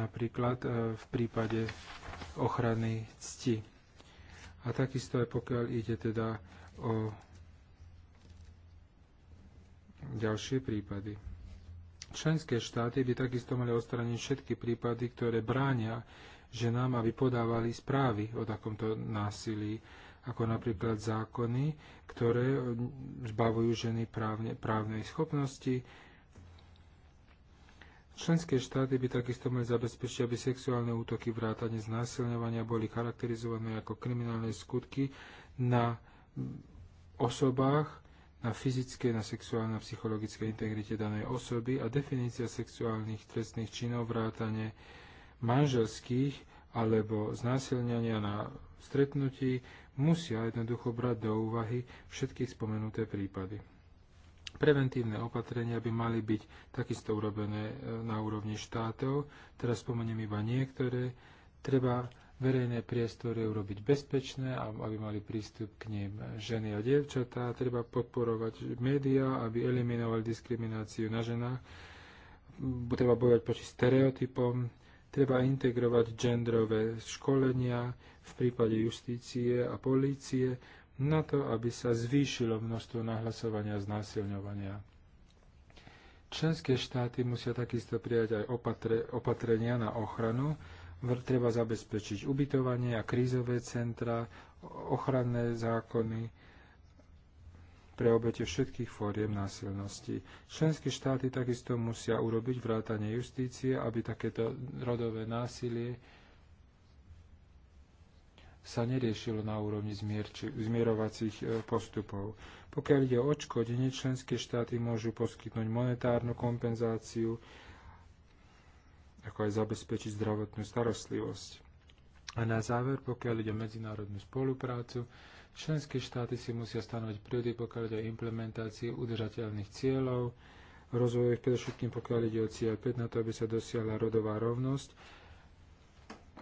napríklad e, v prípade ochrany cti. A takisto aj pokiaľ ide teda o ďalšie prípady. Členské štáty by takisto mali odstraniť všetky prípady, ktoré bránia ženám, aby podávali správy o takomto násilí, ako napríklad zákony, ktoré zbavujú ženy právne, právnej schopnosti, Členské štáty by takisto mali zabezpečiť, aby sexuálne útoky vrátane znásilňovania boli charakterizované ako kriminálne skutky na osobách, na fyzické, na sexuálne a psychologické integrite danej osoby a definícia sexuálnych trestných činov vrátane manželských alebo znásilňania na stretnutí musia jednoducho brať do úvahy všetky spomenuté prípady. Preventívne opatrenia by mali byť takisto urobené e, na úrovni štátov. Teraz spomeniem iba niektoré. Treba verejné priestory urobiť bezpečné, aby mali prístup k nim ženy a dievčatá. Treba podporovať médiá, aby eliminovali diskrimináciu na ženách. Mm, treba bojovať proti stereotypom. Treba integrovať genderové školenia v prípade justície a polície na to, aby sa zvýšilo množstvo nahlasovania a znásilňovania. Členské štáty musia takisto prijať aj opatre, opatrenia na ochranu. Treba zabezpečiť ubytovanie a krízové centra, ochranné zákony pre obete všetkých fóriem násilnosti. Členské štáty takisto musia urobiť vrátanie justície, aby takéto rodové násilie sa neriešilo na úrovni zmierči, zmierovacích e, postupov. Pokiaľ ide o odškodenie, členské štáty môžu poskytnúť monetárnu kompenzáciu, ako aj zabezpečiť zdravotnú starostlivosť. A na záver, pokiaľ ide o medzinárodnú spoluprácu, členské štáty si musia stanoviť prírody, pokiaľ ide o implementáciu udržateľných cieľov, rozvojových, predovšetkým pokiaľ ide o cieľ 5, na to, aby sa dosiahla rodová rovnosť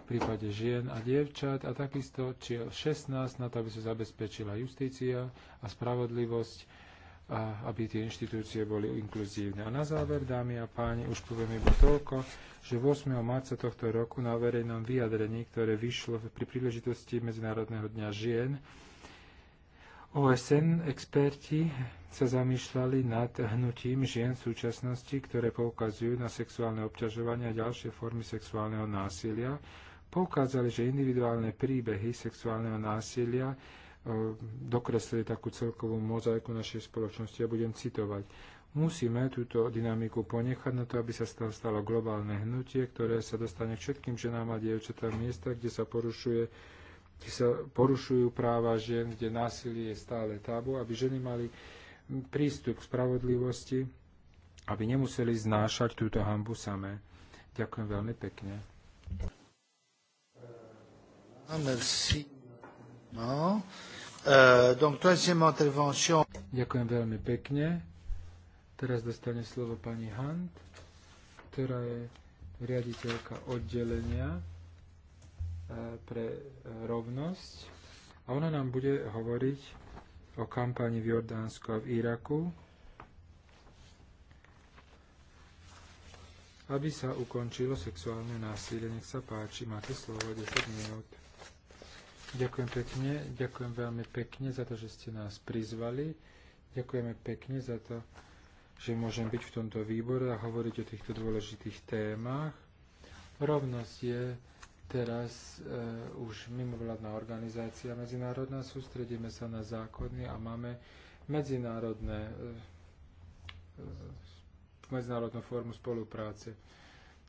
v prípade žien a dievčat a takisto čil 16 na to, aby sa zabezpečila justícia a spravodlivosť a aby tie inštitúcie boli inkluzívne. A na záver, dámy a páni, už poviem iba toľko, že 8. marca tohto roku na verejnom vyjadrení, ktoré vyšlo pri príležitosti Medzinárodného dňa žien, OSN experti sa zamýšľali nad hnutím žien v súčasnosti, ktoré poukazujú na sexuálne obťažovanie a ďalšie formy sexuálneho násilia, poukázali, že individuálne príbehy sexuálneho násilia e, dokreslili takú celkovú mozaiku našej spoločnosti. Ja budem citovať. Musíme túto dynamiku ponechať na to, aby sa stalo globálne hnutie, ktoré sa dostane k všetkým ženám a dievčatám miesta, kde sa porušuje kde sa porušujú práva žien, kde násilie je stále tabu, aby ženy mali prístup k spravodlivosti, aby nemuseli znášať túto hambu samé. Ďakujem veľmi pekne. Ah, merci. No. Uh, donc, intervention... Ďakujem veľmi pekne. Teraz dostane slovo pani Hunt, ktorá je riaditeľka oddelenia e, pre e, rovnosť. A ona nám bude hovoriť o kampani v Jordánsku a v Iraku, aby sa ukončilo sexuálne násilie. Nech sa páči, máte slovo 10 minút. Ďakujem pekne, ďakujem veľmi pekne za to, že ste nás prizvali. Ďakujeme pekne za to, že môžem byť v tomto výbore a hovoriť o týchto dôležitých témach. Rovnosť je teraz e, už mimovládna organizácia medzinárodná, sústredíme sa na zákony a máme medzinárodné, e, medzinárodnú formu spolupráce.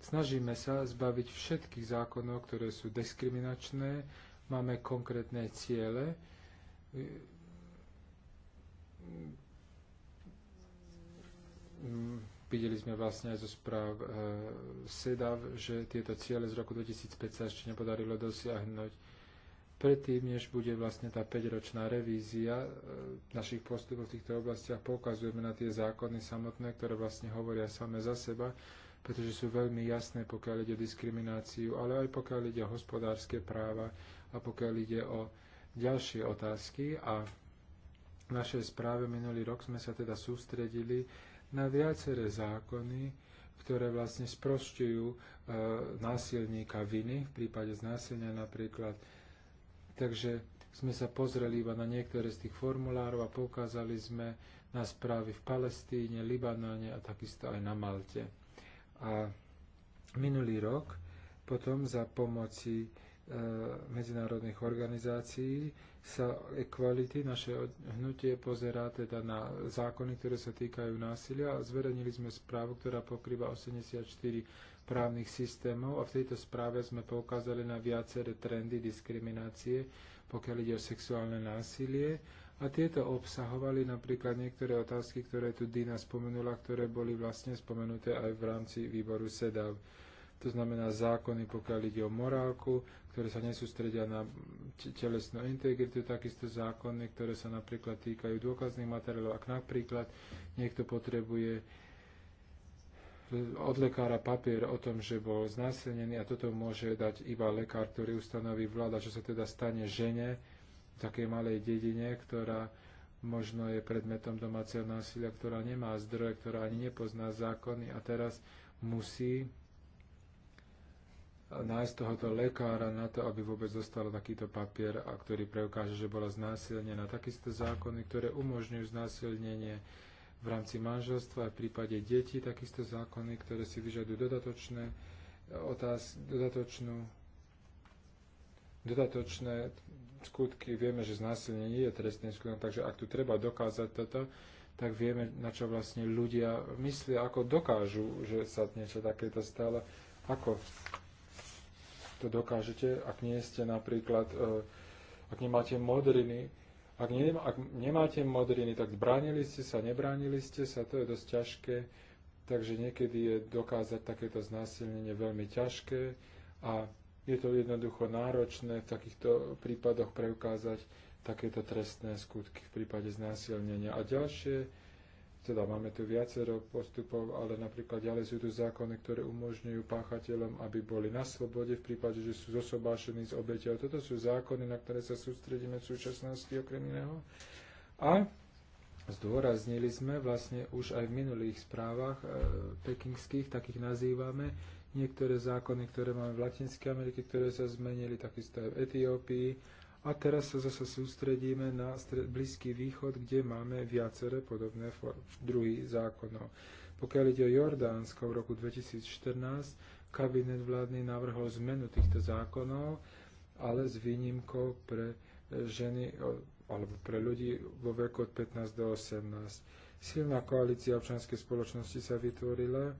Snažíme sa zbaviť všetkých zákonov, ktoré sú diskriminačné, máme konkrétne ciele. Videli sme vlastne aj zo správ eh, SEDAV, že tieto ciele z roku 2005 sa ešte nepodarilo dosiahnuť predtým, než bude vlastne tá 5-ročná revízia eh, našich postupov v týchto oblastiach, poukazujeme na tie zákony samotné, ktoré vlastne hovoria same za seba, pretože sú veľmi jasné, pokiaľ ide o diskrimináciu, ale aj pokiaľ ide o hospodárske práva a pokiaľ ide o ďalšie otázky. A v našej správe minulý rok sme sa teda sústredili na viaceré zákony, ktoré vlastne sprostujú e, násilníka viny v prípade znásilnia napríklad. Takže sme sa pozreli iba na niektoré z tých formulárov a poukázali sme na správy v Palestíne, Libanone a takisto aj na Malte. A minulý rok potom za pomoci e, medzinárodných organizácií sa equality, naše hnutie pozerá teda na zákony, ktoré sa týkajú násilia a zverejnili sme správu, ktorá pokrýva 84 právnych systémov a v tejto správe sme poukázali na viaceré trendy diskriminácie, pokiaľ ide o sexuálne násilie a tieto obsahovali napríklad niektoré otázky, ktoré tu Dina spomenula, ktoré boli vlastne spomenuté aj v rámci výboru SEDAV. To znamená zákony, pokiaľ ide o morálku, ktoré sa nesústredia na telesnú integritu, takisto zákony, ktoré sa napríklad týkajú dôkazných materiálov. Ak napríklad niekto potrebuje eh, od lekára papier o tom, že bol znásilnený a toto môže dať iba lekár, ktorý ustanoví vláda, čo sa teda stane žene, takej malej dedine, ktorá možno je predmetom domáceho násilia, ktorá nemá zdroje, ktorá ani nepozná zákony a teraz musí nájsť tohoto lekára na to, aby vôbec dostal takýto papier, a ktorý preukáže, že bola znásilnená. Takisto zákony, ktoré umožňujú znásilnenie v rámci manželstva, v prípade detí, takisto zákony, ktoré si vyžadujú dodatočné eh, otázky, dodatočnú, dodatočné skutky, vieme, že znásilnenie je trestným skutkom, takže ak tu treba dokázať toto, tak vieme, na čo vlastne ľudia myslia, ako dokážu, že sa niečo takéto stalo, ako to dokážete, ak nie ste napríklad, e, ak nemáte modriny, ak, ne, ak nemáte modriny, tak bránili ste sa, nebránili ste sa, to je dosť ťažké, takže niekedy je dokázať takéto znásilnenie veľmi ťažké a je to jednoducho náročné v takýchto prípadoch preukázať takéto trestné skutky v prípade znásilnenia. A ďalšie, teda máme tu viacero postupov, ale napríklad ďalej sú tu zákony, ktoré umožňujú páchateľom, aby boli na slobode v prípade, že sú zosobášení z A Toto sú zákony, na ktoré sa sústredíme v súčasnosti okrem iného. A Zdôraznili sme vlastne už aj v minulých správach e, pekingských, takých nazývame, niektoré zákony, ktoré máme v Latinskej Amerike, ktoré sa zmenili, takisto aj v Etiópii. A teraz sa zase sústredíme na Blízky východ, kde máme viaceré podobné druhy zákonov. Pokiaľ ide o Jordánsko v roku 2014, kabinet vládny navrhol zmenu týchto zákonov, ale s výnimkou pre e, ženy alebo pre ľudí vo veku od 15 do 18. Silná koalícia občanskej spoločnosti sa vytvorila,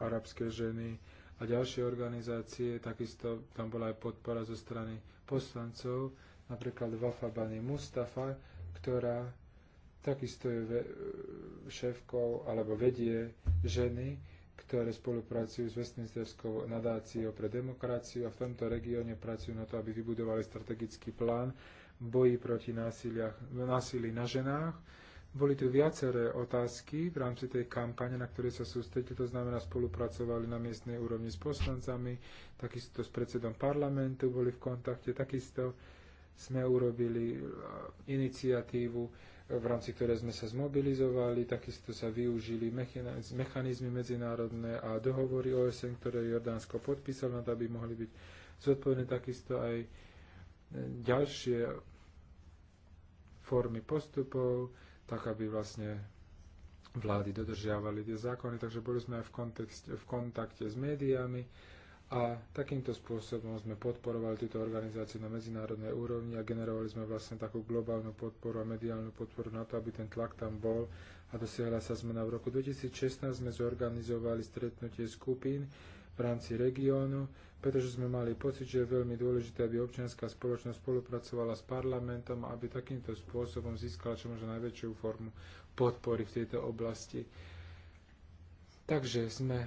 arabské ženy a ďalšie organizácie, takisto tam bola aj podpora zo strany poslancov, napríklad Vafa Bani Mustafa, ktorá takisto je šéfkou alebo vedie ženy ktoré spolupracujú s Westminsterskou nadáciou pre demokraciu a v tomto regióne pracujú na to, aby vybudovali strategický plán boji proti násilí na ženách. Boli tu viaceré otázky v rámci tej kampane, na ktorej sa sústredili, to znamená spolupracovali na miestnej úrovni s poslancami, takisto s predsedom parlamentu boli v kontakte, takisto sme urobili e, iniciatívu v rámci ktoré sme sa zmobilizovali, takisto sa využili mechanizmy medzinárodné a dohovory OSN, ktoré Jordánsko podpísalo, na to, aby mohli byť zodpovedné takisto aj e, ďalšie formy postupov, tak aby vlastne vlády dodržiavali tie zákony, takže boli sme aj v, kontekste, v kontakte s médiami, a takýmto spôsobom sme podporovali tieto organizácie na medzinárodnej úrovni a generovali sme vlastne takú globálnu podporu a mediálnu podporu na to, aby ten tlak tam bol a dosiahla sa zmena. V roku 2016 sme zorganizovali stretnutie skupín v rámci regiónu, pretože sme mali pocit, že je veľmi dôležité, aby občianská spoločnosť spolupracovala s parlamentom, aby takýmto spôsobom získala čo možno najväčšiu formu podpory v tejto oblasti. Takže sme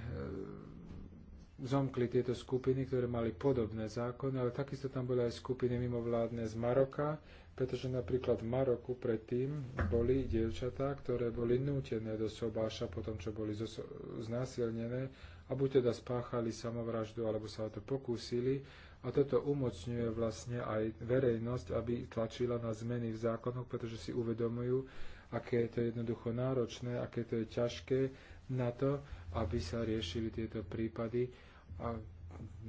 zomkli tieto skupiny, ktoré mali podobné zákony, ale takisto tam boli aj skupiny mimovládne z Maroka, pretože napríklad v Maroku predtým boli dievčatá, ktoré boli nútené do sobáša po tom, čo boli znásilnené a buď teda spáchali samovraždu, alebo sa o to pokúsili. A toto umocňuje vlastne aj verejnosť, aby tlačila na zmeny v zákonoch, pretože si uvedomujú, aké je to jednoducho náročné, aké to je ťažké na to, aby sa riešili tieto prípady a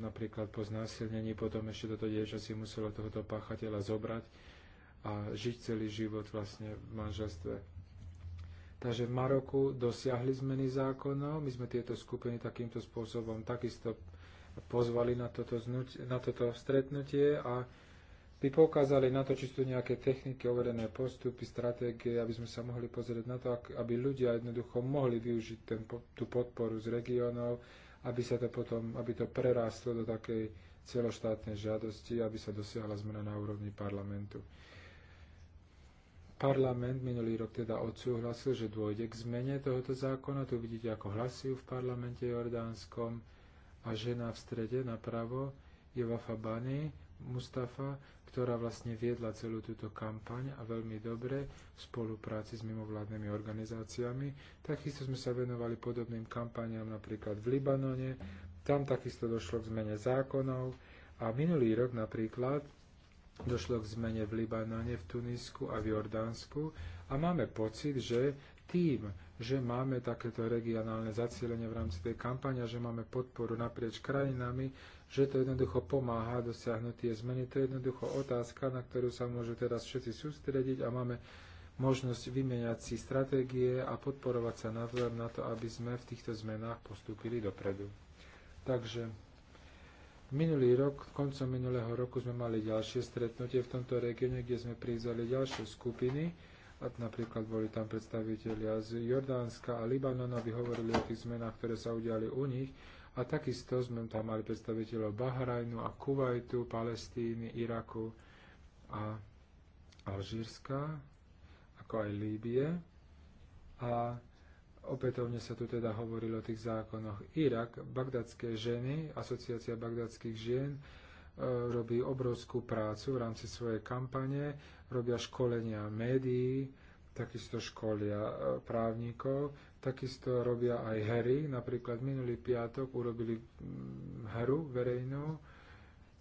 napríklad po znásilnení potom ešte toto dieťa si muselo tohoto páchateľa zobrať a žiť celý život vlastne v manželstve. Takže v Maroku dosiahli zmeny zákonov, my sme tieto skupiny takýmto spôsobom takisto pozvali na toto, znuť, na toto stretnutie a by poukázali na to, či sú nejaké techniky, overené postupy, stratégie, aby sme sa mohli pozrieť na to, aby ľudia jednoducho mohli využiť ten, tú podporu z regiónov, aby sa to potom, aby to prerástlo do takej celoštátnej žiadosti, aby sa dosiahla zmena na úrovni parlamentu. Parlament minulý rok teda odsúhlasil, že dôjde k zmene tohoto zákona. Tu vidíte, ako hlasujú v parlamente jordánskom a žena v strede napravo je Vafa Bani, Mustafa, ktorá vlastne viedla celú túto kampaň a veľmi dobre v spolupráci s mimovládnymi organizáciami. Takisto sme sa venovali podobným kampaniám napríklad v Libanone, tam takisto došlo k zmene zákonov a minulý rok napríklad došlo k zmene v Libanone, v Tunisku a v Jordánsku a máme pocit, že tým, že máme takéto regionálne zacielenie v rámci tej kampania, že máme podporu naprieč krajinami, že to jednoducho pomáha dosiahnuť tie zmeny. To je jednoducho otázka, na ktorú sa môžu teraz všetci sústrediť a máme možnosť vymeniať si stratégie a podporovať sa navzájom na to, aby sme v týchto zmenách postúpili dopredu. Takže minulý rok, koncom minulého roku sme mali ďalšie stretnutie v tomto regióne, kde sme prizvali ďalšie skupiny, Napríklad boli tam predstavitelia z Jordánska a Libanonu, aby hovorili o tých zmenách, ktoré sa udiali u nich. A takisto sme tam mali predstaviteľov Bahrajnu a Kuwaitu, Palestíny, Iraku a Alžírska, ako aj Líbie. A opätovne sa tu teda hovorilo o tých zákonoch. Irak, bagdadské ženy, asociácia bagdadských žien, e, robí obrovskú prácu v rámci svojej kampane robia školenia médií, takisto školia e, právnikov, takisto robia aj hery. Napríklad minulý piatok urobili mm, heru verejnú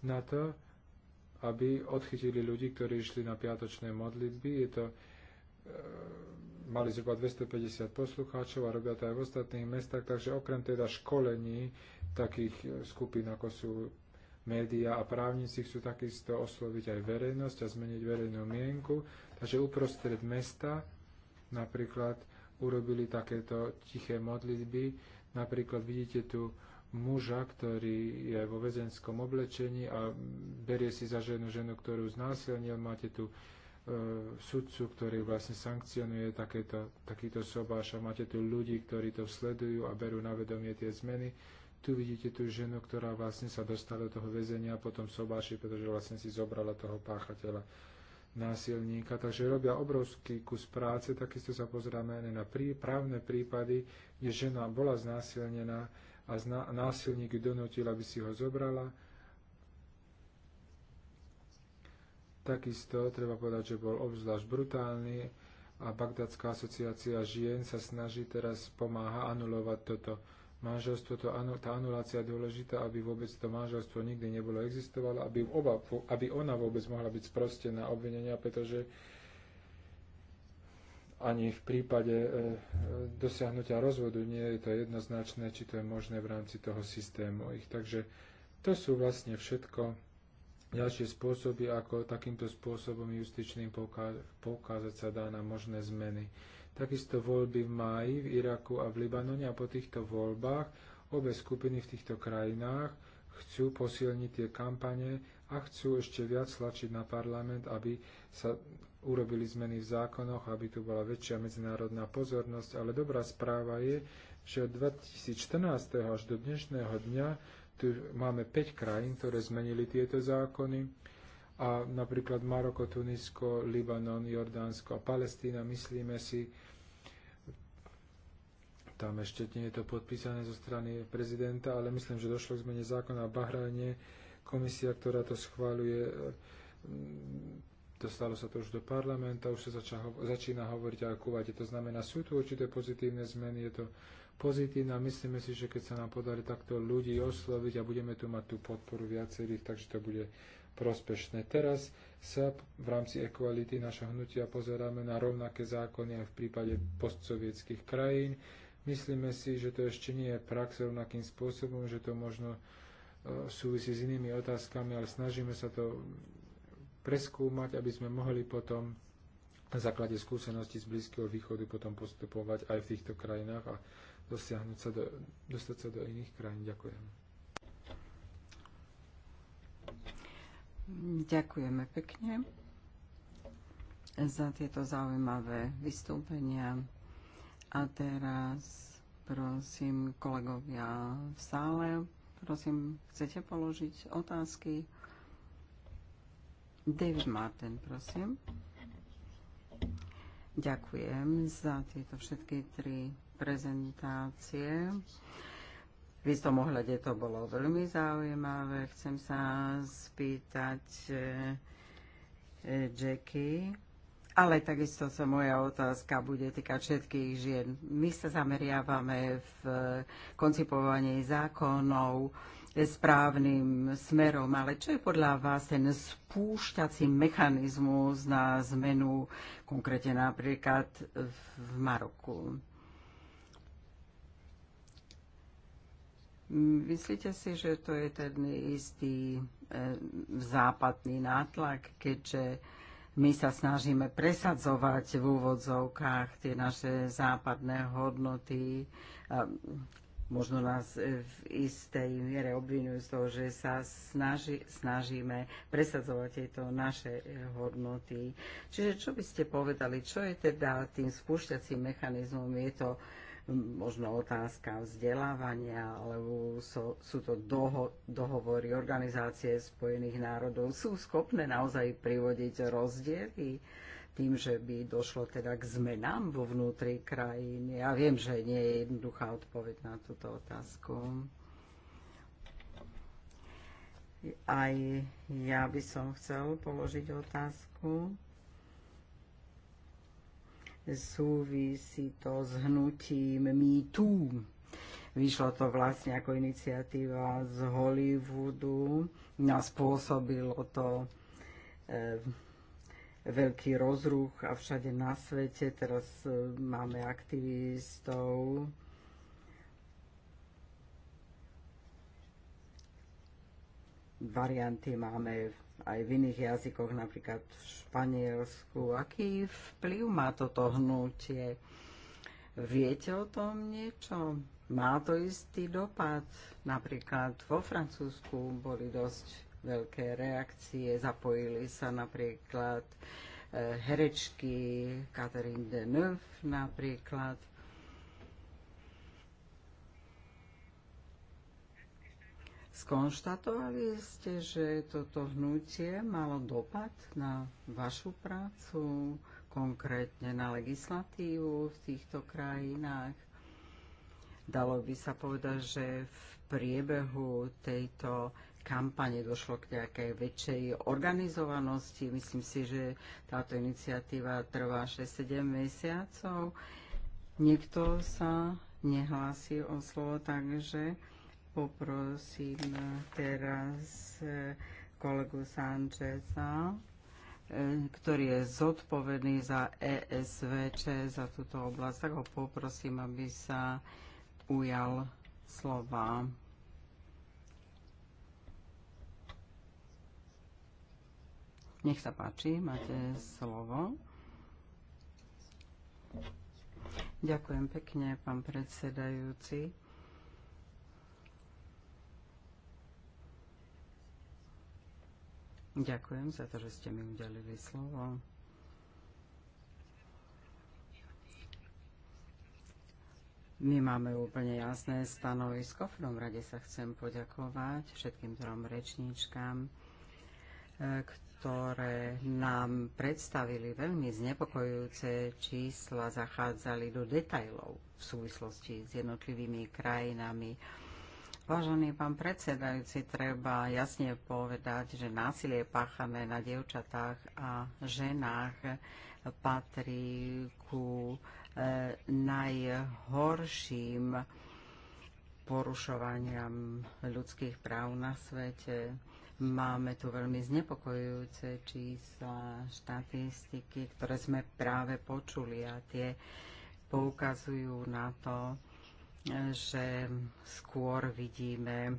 na to, aby odchytili ľudí, ktorí išli na piatočné modlitby. Je to, e, mali zhruba 250 poslucháčov a robia to aj v ostatných mestách, takže okrem teda školení takých e, skupín, ako sú médiá a právnici chcú takisto osloviť aj verejnosť a zmeniť verejnú mienku. Takže uprostred mesta napríklad urobili takéto tiché modlitby. Napríklad vidíte tu muža, ktorý je vo väzenskom oblečení a berie si za ženu ženu, ktorú znásilnil. Máte tu e, sudcu, ktorý vlastne sankcionuje takéto, takýto sobáš a máte tu ľudí, ktorí to sledujú a berú na vedomie tie zmeny. Tu vidíte tú ženu, ktorá vlastne sa dostala do toho väzenia a potom sobáši, pretože vlastne si zobrala toho páchateľa násilníka. Takže robia obrovský kus práce, takisto sa pozráme aj na prí, právne prípady, kde žena bola znásilnená a zna, násilník donútil, aby si ho zobrala. Takisto treba povedať, že bol obzvlášť brutálny a Bagdadská asociácia žien sa snaží teraz pomáha anulovať toto manželstvo, to, tá anulácia je dôležitá, aby vôbec to manželstvo nikdy nebolo existovalo, aby, oba, aby ona vôbec mohla byť sprostená obvinenia, pretože ani v prípade e, e, dosiahnutia rozvodu nie je to jednoznačné, či to je možné v rámci toho systému ich. Takže to sú vlastne všetko ďalšie spôsoby, ako takýmto spôsobom justičným poukázať sa dá na možné zmeny. Takisto voľby v máji v Iraku a v Libanone a po týchto voľbách obe skupiny v týchto krajinách chcú posilniť tie kampane a chcú ešte viac tlačiť na parlament, aby sa urobili zmeny v zákonoch, aby tu bola väčšia medzinárodná pozornosť. Ale dobrá správa je, že od 2014. až do dnešného dňa tu máme 5 krajín, ktoré zmenili tieto zákony a napríklad Maroko, Tunisko, Libanon, Jordánsko a Palestína, myslíme si, tam ešte nie je to podpísané zo strany prezidenta, ale myslím, že došlo k zmene zákona v Bahrajne. Komisia, ktorá to schváľuje, mm, dostalo sa to už do parlamenta, už sa zača, začína hovoriť aj o To znamená, sú tu určité pozitívne zmeny, je to pozitívne a myslíme si, že keď sa nám podarí takto ľudí osloviť a budeme tu mať tú podporu viacerých, takže to bude prospešné. Teraz sa v rámci equality našho hnutia pozeráme na rovnaké zákony aj v prípade postsovietských krajín. Myslíme si, že to ešte nie je prax rovnakým spôsobom, že to možno e, súvisí s inými otázkami, ale snažíme sa to preskúmať, aby sme mohli potom na základe skúseností z Blízkeho východu potom postupovať aj v týchto krajinách a dosiahnuť sa do, dostať sa do iných krajín. Ďakujem. Ďakujeme pekne za tieto zaujímavé vystúpenia. A teraz prosím kolegovia v sále, prosím, chcete položiť otázky? David Martin, prosím. Ďakujem za tieto všetky tri prezentácie. V istom ohľade to bolo veľmi zaujímavé. Chcem sa spýtať e, e, Jackie, ale takisto sa moja otázka bude týkať všetkých žien. My sa zameriavame v koncipovaní zákonov správnym smerom, ale čo je podľa vás ten spúšťací mechanizmus na zmenu, konkrétne napríklad v Maroku? Myslíte si, že to je ten istý e, západný nátlak, keďže my sa snažíme presadzovať v úvodzovkách tie naše západné hodnoty. Možno nás e, v istej miere obvinujú z toho, že sa snaži, snažíme presadzovať tieto naše e, hodnoty. Čiže čo by ste povedali, čo je teda tým spúšťacím mechanizmom? Je to možno otázka vzdelávania, alebo so, sú to doho, dohovory Organizácie spojených národov, sú schopné naozaj privodiť rozdiely tým, že by došlo teda k zmenám vo vnútri krajiny. Ja viem, že nie je jednoduchá odpoveď na túto otázku. Aj ja by som chcel položiť otázku. Súvisí to s hnutím Me Too. Vyšlo to vlastne ako iniciatíva z Hollywoodu no a spôsobilo to e, veľký rozruch a všade na svete. Teraz e, máme aktivistov. Varianty máme aj v iných jazykoch, napríklad v Španielsku. Aký vplyv má toto hnutie? Viete o tom niečo? Má to istý dopad. Napríklad vo Francúzsku boli dosť veľké reakcie, zapojili sa napríklad eh, herečky Catherine Deneuve napríklad. Skonštatovali ste, že toto hnutie malo dopad na vašu prácu, konkrétne na legislatívu v týchto krajinách. Dalo by sa povedať, že v priebehu tejto kampane došlo k nejakej väčšej organizovanosti. Myslím si, že táto iniciatíva trvá 6-7 mesiacov. Niekto sa nehlási o slovo, takže Poprosím teraz eh, kolegu Sančeza, eh, ktorý je zodpovedný za ESVČ, za túto oblasť, tak ho poprosím, aby sa ujal slova. Nech sa páči, máte slovo. Ďakujem pekne, pán predsedajúci. Ďakujem za to, že ste mi udelili slovo. My máme úplne jasné stanovisko. V tom rade sa chcem poďakovať všetkým trom rečníčkám, e, ktoré nám predstavili veľmi znepokojujúce čísla, zachádzali do detajlov v súvislosti s jednotlivými krajinami. Vážený pán predsedajúci, treba jasne povedať, že násilie páchané na dievčatách a ženách patrí ku e, najhorším porušovaniam ľudských práv na svete. Máme tu veľmi znepokojujúce čísla, štatistiky, ktoré sme práve počuli a tie poukazujú na to, že skôr vidíme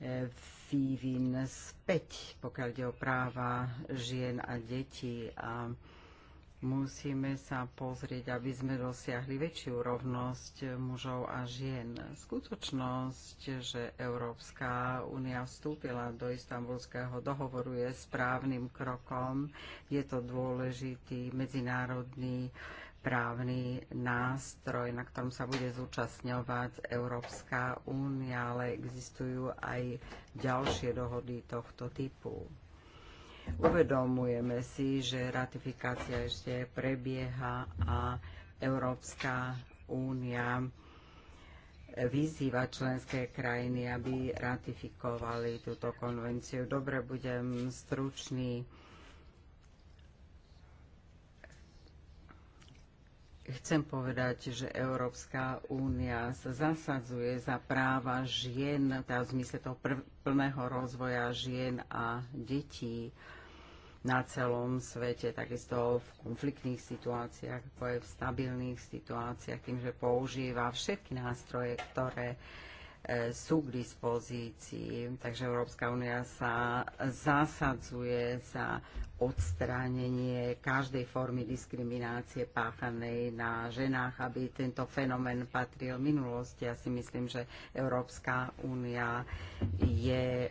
e, vývin späť, pokiaľ ide o práva žien a detí. A musíme sa pozrieť, aby sme dosiahli väčšiu rovnosť mužov a žien. Skutočnosť, že Európska únia vstúpila do istambulského dohovoru je správnym krokom. Je to dôležitý medzinárodný právny nástroj, na ktorom sa bude zúčastňovať Európska únia, ale existujú aj ďalšie dohody tohto typu. Uvedomujeme si, že ratifikácia ešte prebieha a Európska únia vyzýva členské krajiny, aby ratifikovali túto konvenciu. Dobre, budem stručný Chcem povedať, že Európska únia sa zasadzuje za práva žien, teda v zmysle toho plného rozvoja žien a detí na celom svete, takisto v konfliktných situáciách, ako aj v stabilných situáciách, tým, že používa všetky nástroje, ktoré e, sú k dispozícii. Takže Európska únia sa zasadzuje za odstránenie každej formy diskriminácie páchanej na ženách, aby tento fenomén patril minulosti. Ja si myslím, že Európska únia je e,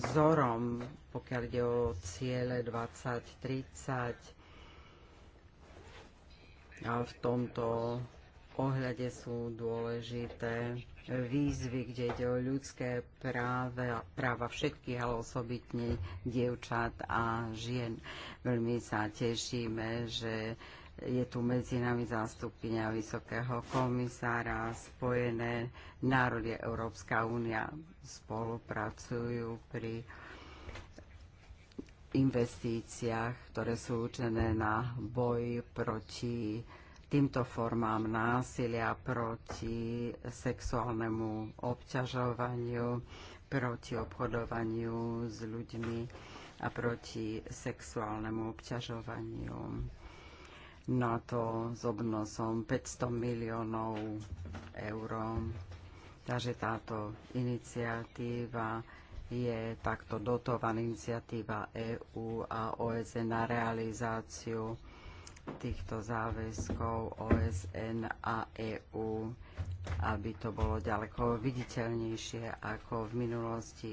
vzorom, pokiaľ ide o ciele 2030. A v tomto ohľade sú dôležité výzvy, kde ide o ľudské práve, práva všetkých, ale osobitne dievčat a žien. Veľmi sa tešíme, že je tu medzi nami zástupkynia Vysokého komisára, Spojené národy Európska únia spolupracujú pri investíciách, ktoré sú určené na boj proti týmto formám násilia proti sexuálnemu obťažovaniu, proti obchodovaniu s ľuďmi a proti sexuálnemu obťažovaniu. Na to s obnosom 500 miliónov eur. Takže táto iniciatíva je takto dotovaná iniciatíva EÚ a OSN e na realizáciu týchto záväzkov OSN a EÚ, aby to bolo ďaleko viditeľnejšie ako v minulosti.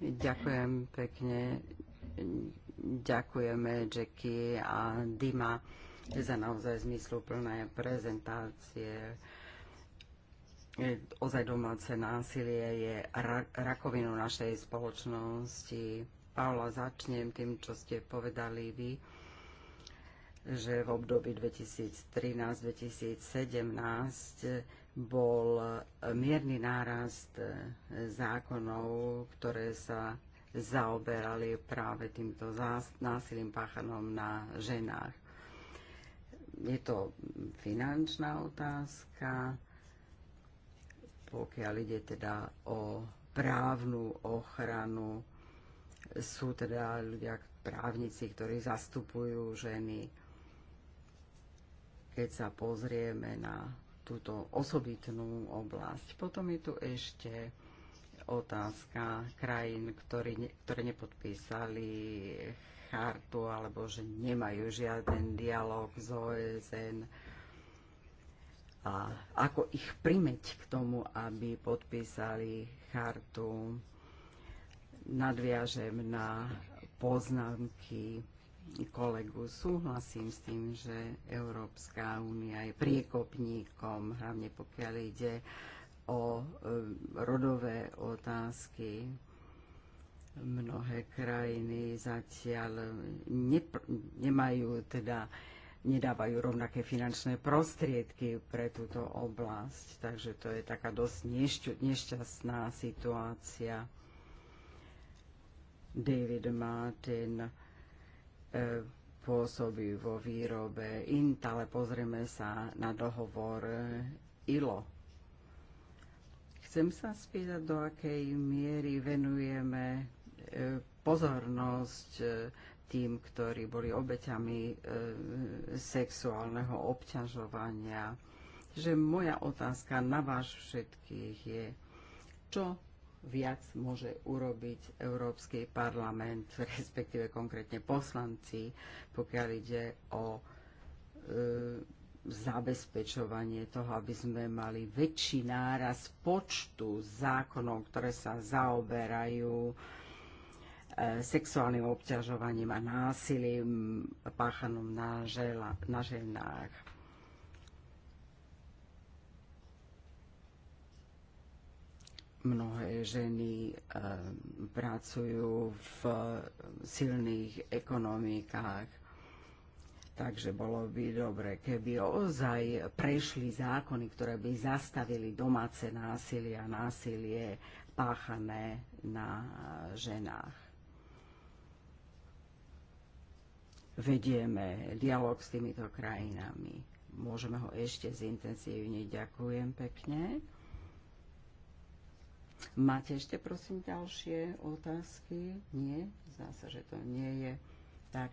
Ďakujem pekne. Ďakujeme Jackie a Dima za naozaj zmysluplné prezentácie ozaj domáce násilie je rakovinou našej spoločnosti. Paula, začnem tým, čo ste povedali vy, že v období 2013-2017 bol mierny nárast zákonov, ktoré sa zaoberali práve týmto násilím páchanom na ženách. Je to finančná otázka, pokiaľ ide teda o právnu ochranu. Sú teda ľudia, právnici, ktorí zastupujú ženy. Keď sa pozrieme na túto osobitnú oblasť. Potom je tu ešte otázka krajín, ktorí, ktoré nepodpísali chartu alebo že nemajú žiaden dialog s OSN a ako ich primeť k tomu, aby podpísali chartu. Nadviažem na poznámky kolegu. Súhlasím s tým, že Európska únia je priekopníkom, hlavne pokiaľ ide o e, rodové otázky. Mnohé krajiny zatiaľ nemajú teda nedávajú rovnaké finančné prostriedky pre túto oblasť. Takže to je taká dosť nešťastná situácia. David Martin e, pôsobí vo výrobe INT, ale pozrieme sa na dohovor e, ILO. Chcem sa spýtať, do akej miery venujeme e, pozornosť tým, ktorí boli obeťami e, sexuálneho obťažovania. Že moja otázka na vás všetkých je, čo viac môže urobiť Európsky parlament, respektíve konkrétne poslanci, pokiaľ ide o e, zabezpečovanie toho, aby sme mali väčší náraz počtu zákonov, ktoré sa zaoberajú E, sexuálnym obťažovaním a násilím páchanom na, žela, na ženách. Mnohé ženy e, pracujú v silných ekonomikách, takže bolo by dobre, keby ozaj prešli zákony, ktoré by zastavili domáce násilie a násilie páchané na ženách. vedieme dialog s týmito krajinami. Môžeme ho ešte zintenzívniť. Ďakujem pekne. Máte ešte, prosím, ďalšie otázky? Nie? Zdá sa, že to nie je. Tak,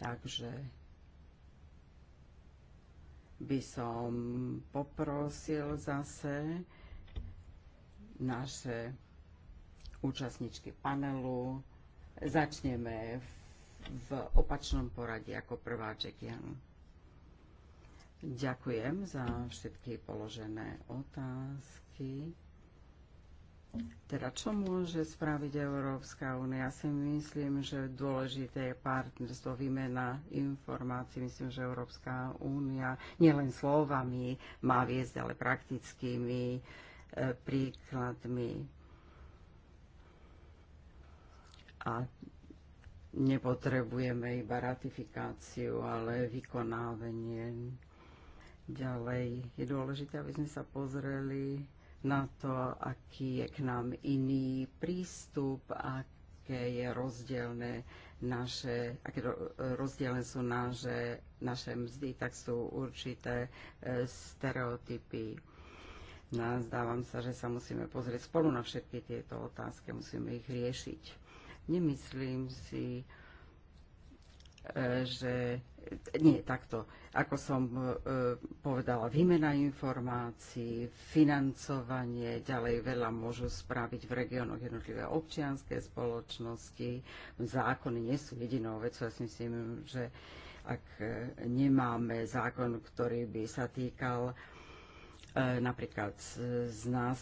takže by som poprosil zase naše účastničky panelu. Začneme v v opačnom poradí ako prvá Jackian. Ďakujem za všetky položené otázky. Teda čo môže spraviť Európska únia? Ja si myslím, že dôležité je partnerstvo, výmena informácií. Myslím, že Európska únia nielen slovami má viesť, ale praktickými e, príkladmi. A nepotrebujeme iba ratifikáciu, ale vykonávanie. Ďalej je dôležité, aby sme sa pozreli na to, aký je k nám iný prístup, aké je rozdielne naše, aké rozdielne sú naše, naše mzdy, tak sú určité e, stereotypy. No, zdávam sa, že sa musíme pozrieť spolu na všetky tieto otázky, musíme ich riešiť. Nemyslím si, e, že nie takto, ako som e, povedala, výmena informácií, financovanie, ďalej veľa môžu spraviť v regiónoch jednotlivé občianské spoločnosti. Zákony nie sú jedinou vecou. Ja si myslím, že ak e, nemáme zákon, ktorý by sa týkal E, napríklad z nás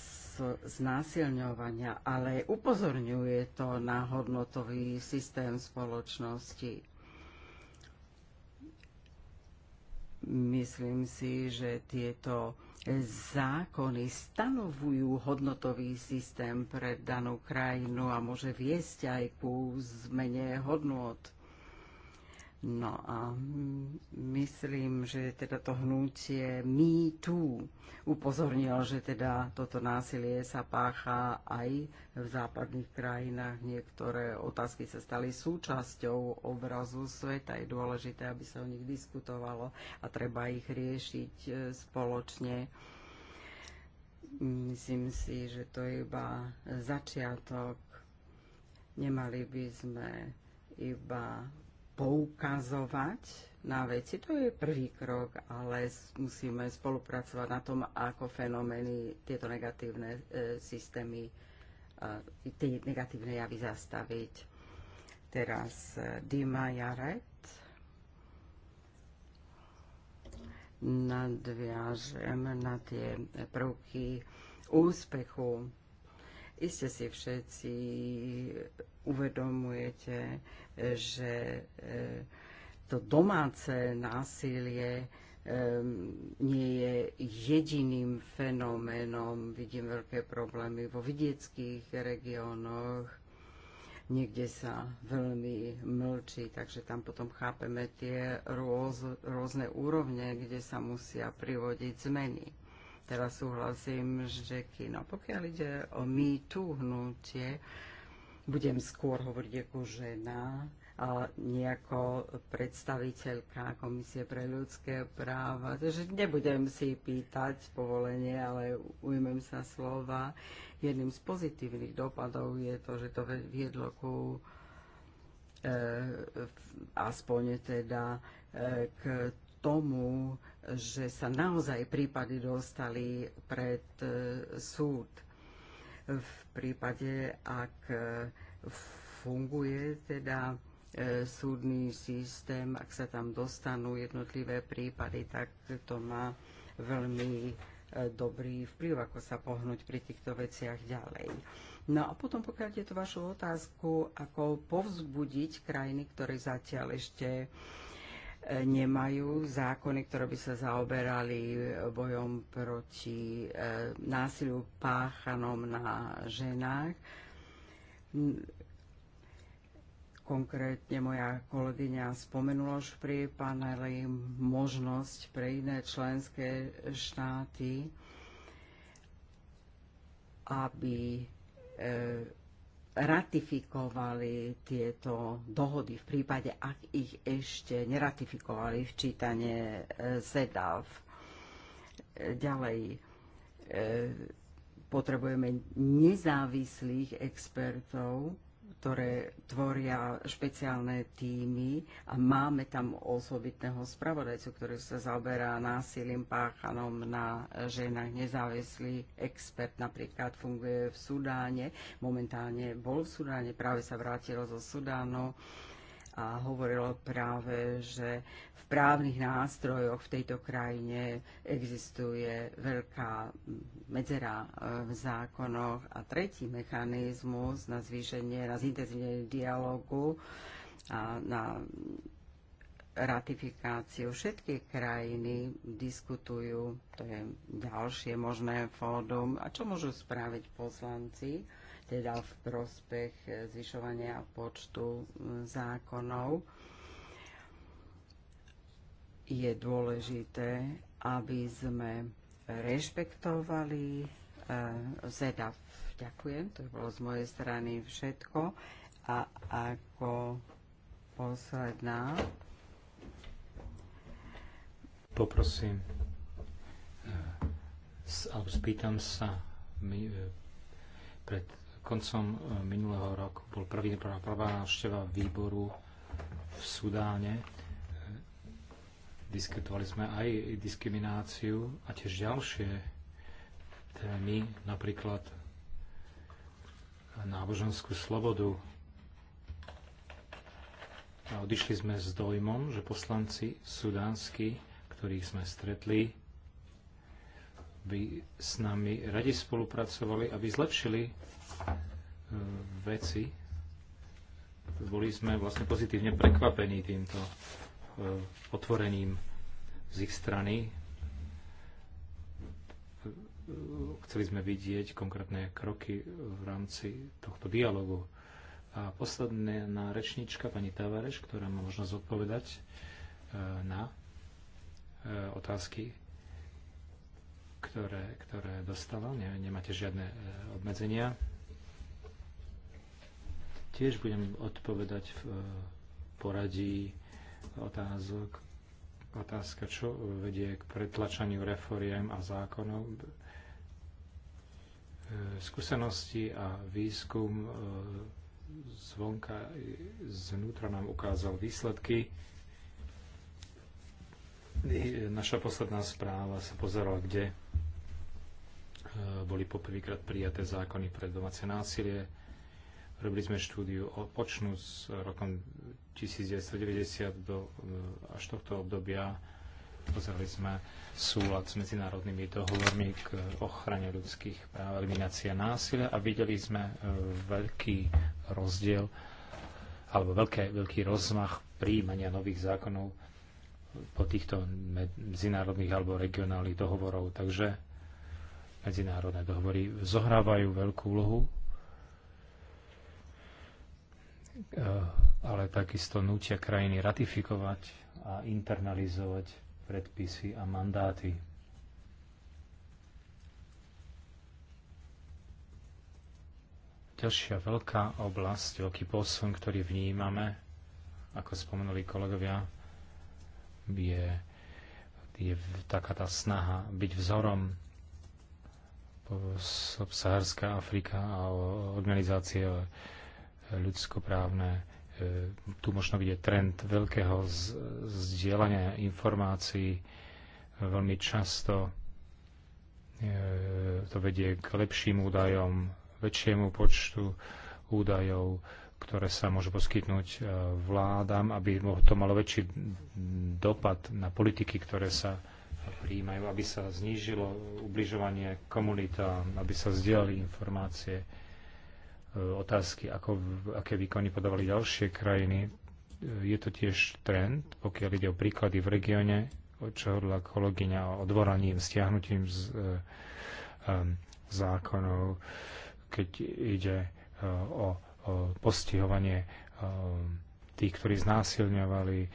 znásilňovania, ale upozorňuje to na hodnotový systém spoločnosti. Myslím si, že tieto zákony stanovujú hodnotový systém pre danú krajinu a môže viesť aj ku zmene hodnot. No a myslím, že teda to hnutie Me Too upozornilo, že teda toto násilie sa pácha aj v západných krajinách. Niektoré otázky sa stali súčasťou obrazu sveta. Je dôležité, aby sa o nich diskutovalo a treba ich riešiť e, spoločne. Myslím si, že to je iba začiatok. Nemali by sme iba poukazovať na veci. To je prvý krok, ale musíme spolupracovať na tom, ako fenomény, tieto negatívne e, systémy, e, tie negatívne javy zastaviť. Teraz e, Dima jaret. nadviažem na tie prvky úspechu. Iste si všetci uvedomujete, že e, to domáce násilie e, nie je jediným fenoménom. Vidím veľké problémy vo vidieckých regiónoch, niekde sa veľmi mlčí, takže tam potom chápeme tie rôz, rôzne úrovne, kde sa musia privodiť zmeny. Teraz súhlasím že kino, pokiaľ ide o my tu hnutie, budem skôr hovoriť ako žena, a nie ako predstaviteľka Komisie pre ľudské práva. Takže nebudem si pýtať povolenie, ale ujmem sa slova. Jedným z pozitívnych dopadov je to, že to viedlo ku e, aspoň teda e, k tomu, že sa naozaj prípady dostali pred e, súd v prípade, ak e, funguje teda e, súdny systém, ak sa tam dostanú jednotlivé prípady, tak to má veľmi e, dobrý vplyv, ako sa pohnúť pri týchto veciach ďalej. No a potom pokiaľ je to vašu otázku, ako povzbudiť krajiny, ktoré zatiaľ ešte nemajú zákony, ktoré by sa zaoberali bojom proti e, násiliu páchanom na ženách. Konkrétne moja kolegyňa spomenula už pri paneli možnosť pre iné členské štáty, aby e, ratifikovali tieto dohody v prípade, ak ich ešte neratifikovali čítanie ZDAV. E, ďalej, e, potrebujeme nezávislých expertov, ktoré tvoria špeciálne týmy a máme tam osobitného spravodajcu, ktorý sa zaoberá násilím páchanom na ženách. Nezávislý expert napríklad funguje v Sudáne. Momentálne bol v Sudáne, práve sa vrátilo zo Sudánu a hovorilo práve, že v právnych nástrojoch v tejto krajine existuje veľká medzera e, v zákonoch a tretí mechanizmus na zvýšenie, na zintenzívnenie dialogu a na ratifikáciu. Všetky krajiny diskutujú, to je ďalšie možné fórum. A čo môžu spraviť poslanci? teda v prospech e, zvyšovania počtu e, zákonov. Je dôležité, aby sme rešpektovali e, ZDAF. Ďakujem, to bolo z mojej strany všetko. A ako posledná poprosím alebo spýtam sa my, pred Koncom e, minulého roku bol prvý, prvá, prvá návšteva výboru v Sudáne. E, diskutovali sme aj diskrimináciu a tiež ďalšie témy, napríklad náboženskú slobodu. A odišli sme s dojmom, že poslanci sudánsky, ktorých sme stretli, by s nami radi spolupracovali, aby zlepšili e, veci. Boli sme vlastne pozitívne prekvapení týmto e, otvorením z ich strany. Chceli sme vidieť konkrétne kroky v rámci tohto dialogu. A posledná rečnička, pani Tavareš, ktorá má možnosť odpovedať e, na otázky ktoré, ktoré dostala. Ne, nemáte žiadne e, obmedzenia. Tiež budem odpovedať v e, poradí otázok. Otázka, čo vedie k pretlačaniu reforiem a zákonov. E, skúsenosti a výskum zvonka, zvnútra nám ukázal výsledky. Naša posledná správa sa pozerala, kde Eh, boli poprvýkrát prijaté zákony pre domáce násilie. Robili sme štúdiu o počnú s rokom 1990 do, eh, až tohto obdobia. Pozerali sme súlad s medzinárodnými dohovormi k ochrane ľudských práv, eliminácia násilia a videli sme eh, veľký rozdiel alebo veľké, veľký rozmach príjmania nových zákonov po týchto medzinárodných alebo regionálnych dohovorov. Takže Medzinárodné dohovory zohrávajú veľkú úlohu, eh, ale takisto nútia krajiny ratifikovať a internalizovať predpisy a mandáty. Ďalšia veľká oblasť, veľký posun, ktorý vnímame, ako spomenuli kolegovia, je, je taká tá snaha byť vzorom Subsaharská Afrika a organizácie ľudskoprávne. E, tu možno vidieť trend veľkého zdieľania informácií. Veľmi často e, to vedie k lepším údajom, väčšiemu počtu údajov, ktoré sa môžu poskytnúť e, vládam, aby to malo väčší dopad na politiky, ktoré sa príjmajú, aby sa znížilo ubližovanie komunitám, aby sa vzdielali informácie, e, otázky, ako, aké výkony podávali ďalšie krajiny. E, je to tiež trend, pokiaľ ide o príklady v regióne, čo hodla kolegyňa o odvoraním, stiahnutím z, um, zákonov, keď ide o, o postihovanie um, tých, ktorí znásilňovali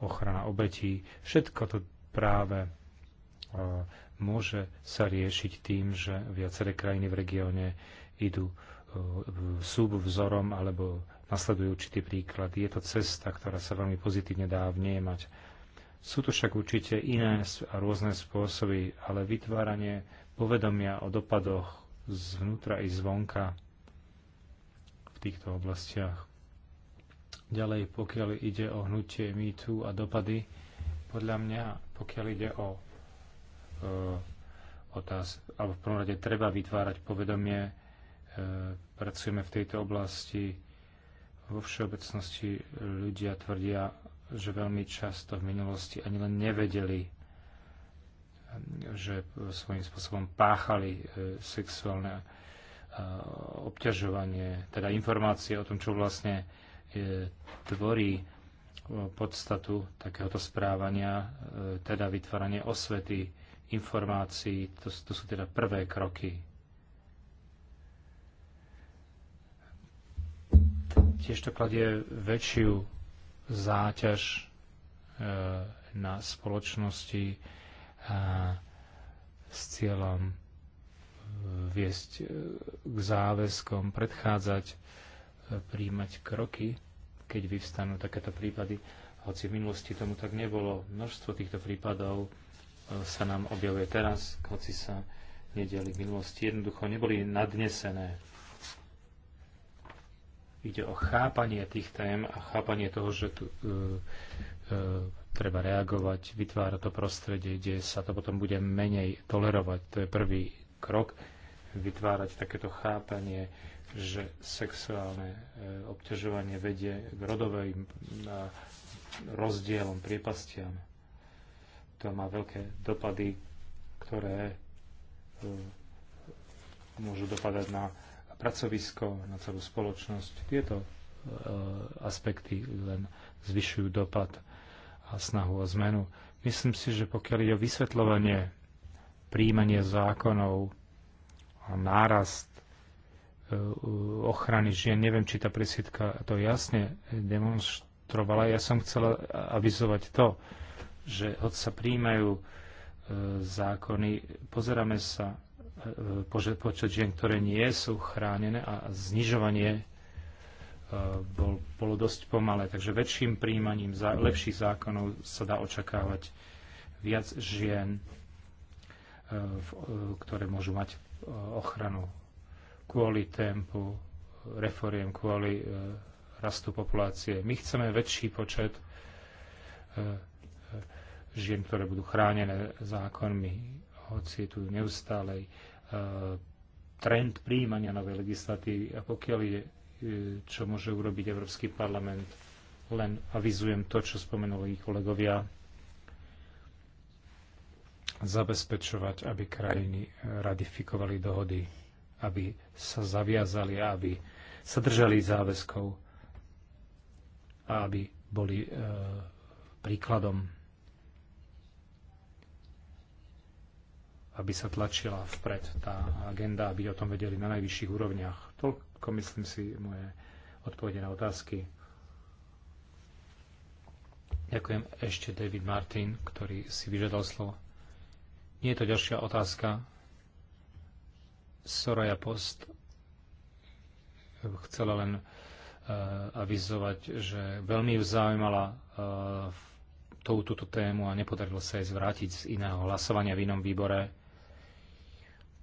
ochrana obetí. Všetko to práve e, môže sa riešiť tým, že viaceré krajiny v regióne idú e, sú vzorom alebo nasledujú určitý príklad. Je to cesta, ktorá sa veľmi pozitívne dá vnímať. Sú tu však určite iné a rôzne spôsoby, ale vytváranie povedomia o dopadoch zvnútra i zvonka v týchto oblastiach Ďalej, pokiaľ ide o hnutie mýtu a dopady, podľa mňa, pokiaľ ide o e, otáz, alebo v prvom rade treba vytvárať povedomie, e, pracujeme v tejto oblasti, vo všeobecnosti ľudia tvrdia, že veľmi často v minulosti ani len nevedeli, že svojím spôsobom páchali e, sexuálne e, obťažovanie, teda informácie o tom, čo vlastne E, tvorí e, podstatu takéhoto správania, e, teda vytváranie osvety, informácií. To, to sú teda prvé kroky. Tiež to kladie väčšiu záťaž na spoločnosti s cieľom viesť k záväzkom, predchádzať príjmať kroky, keď vyvstanú takéto prípady. Hoci v minulosti tomu tak nebolo, množstvo týchto prípadov e, sa nám objavuje teraz, hoci sa nedeli v minulosti jednoducho neboli nadnesené. Ide o chápanie tých tém a chápanie toho, že tu, uh, uh, treba reagovať, vytvára to prostredie, kde sa to potom bude menej tolerovať. To je prvý krok, vytvárať takéto chápanie, že sexuálne e, obťažovanie vedie k rodovým e, rozdielom, priepastiam. To má veľké dopady, ktoré e, môžu dopadať na pracovisko, na celú spoločnosť. Tieto aspekty len zvyšujú dopad a snahu o zmenu. Myslím si, že pokiaľ je o vysvetľovanie, príjmanie zákonov, a nárast Eh, ochrany žien. Neviem, či tá presiedka to jasne demonstrovala. Ja som chcela avizovať to, že hoď sa príjmajú eh, zákony, pozeráme sa eh, počet žien, ktoré nie sú chránené a znižovanie bol, bolo dosť pomalé. Takže väčším príjmaním zá, lepších zákonov sa dá očakávať viac žien, ktoré môžu mať ochranu kvôli tempu reforiem, kvôli e, rastu populácie. My chceme väčší počet e, e, žien, ktoré budú chránené zákonmi, hoci je tu neustálej trend príjmania novej legislatívy a pokiaľ je, čo môže urobiť Európsky parlament, len avizujem to, čo spomenuli kolegovia, zabezpečovať, aby krajiny ratifikovali dohody aby sa zaviazali a aby sa držali záväzkov a aby boli e, príkladom, aby sa tlačila vpred tá agenda, aby o tom vedeli na najvyšších úrovniach. Toľko myslím si moje odpovede na otázky. Ďakujem ešte David Martin, ktorý si vyžadal slovo. Nie je to ďalšia otázka, Soraya Post chcela len uh, avizovať, že veľmi ju zaujímala uh, eh, tú, túto tému a nepodarilo sa jej zvrátiť z iného hlasovania v inom výbore.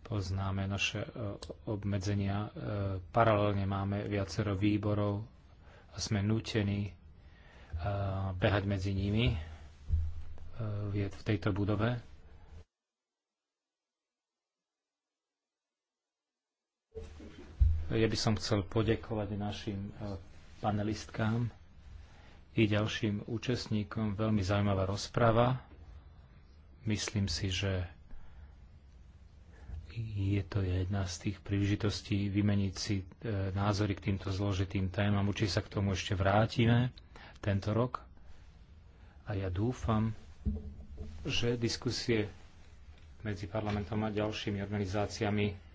Poznáme naše eh, obmedzenia. Paralelne máme viacero výborov a sme nútení behať medzi nimi v tejto budove. Ja by som chcel podekovať našim e, panelistkám i ďalším účastníkom. Veľmi zaujímavá rozprava. Myslím si, že je to jedna z tých príležitostí vymeniť si e, názory k týmto zložitým témam. Určite sa k tomu ešte vrátime tento rok. A ja dúfam, že diskusie medzi parlamentom a ďalšími organizáciami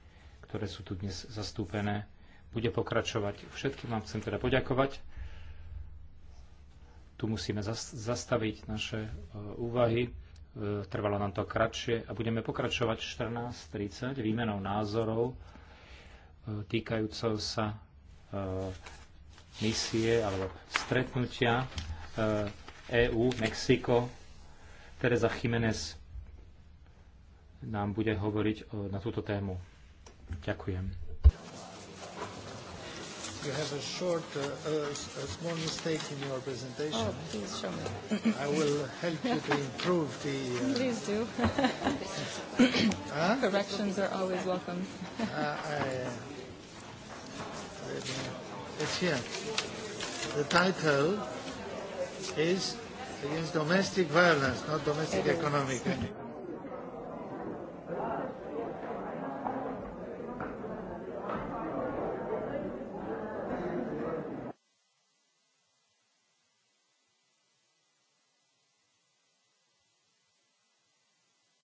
ktoré sú tu dnes zastúpené, bude pokračovať. Všetkým vám chcem teda poďakovať. Tu musíme zastaviť naše e, úvahy. E, trvalo nám to kratšie a budeme pokračovať 14.30 výmenou názorov e, týkajúcou sa e, misie alebo stretnutia EÚ, Mexiko. Teresa Jiménez nám bude hovoriť na túto tému. Ďakujem. You have a short, uh, a, a small mistake in your presentation. Oh, please show me. I will help you to improve the. Uh, please do. huh? Corrections are always welcome. uh, I, uh, it's here. The title is against domestic violence, not domestic economic.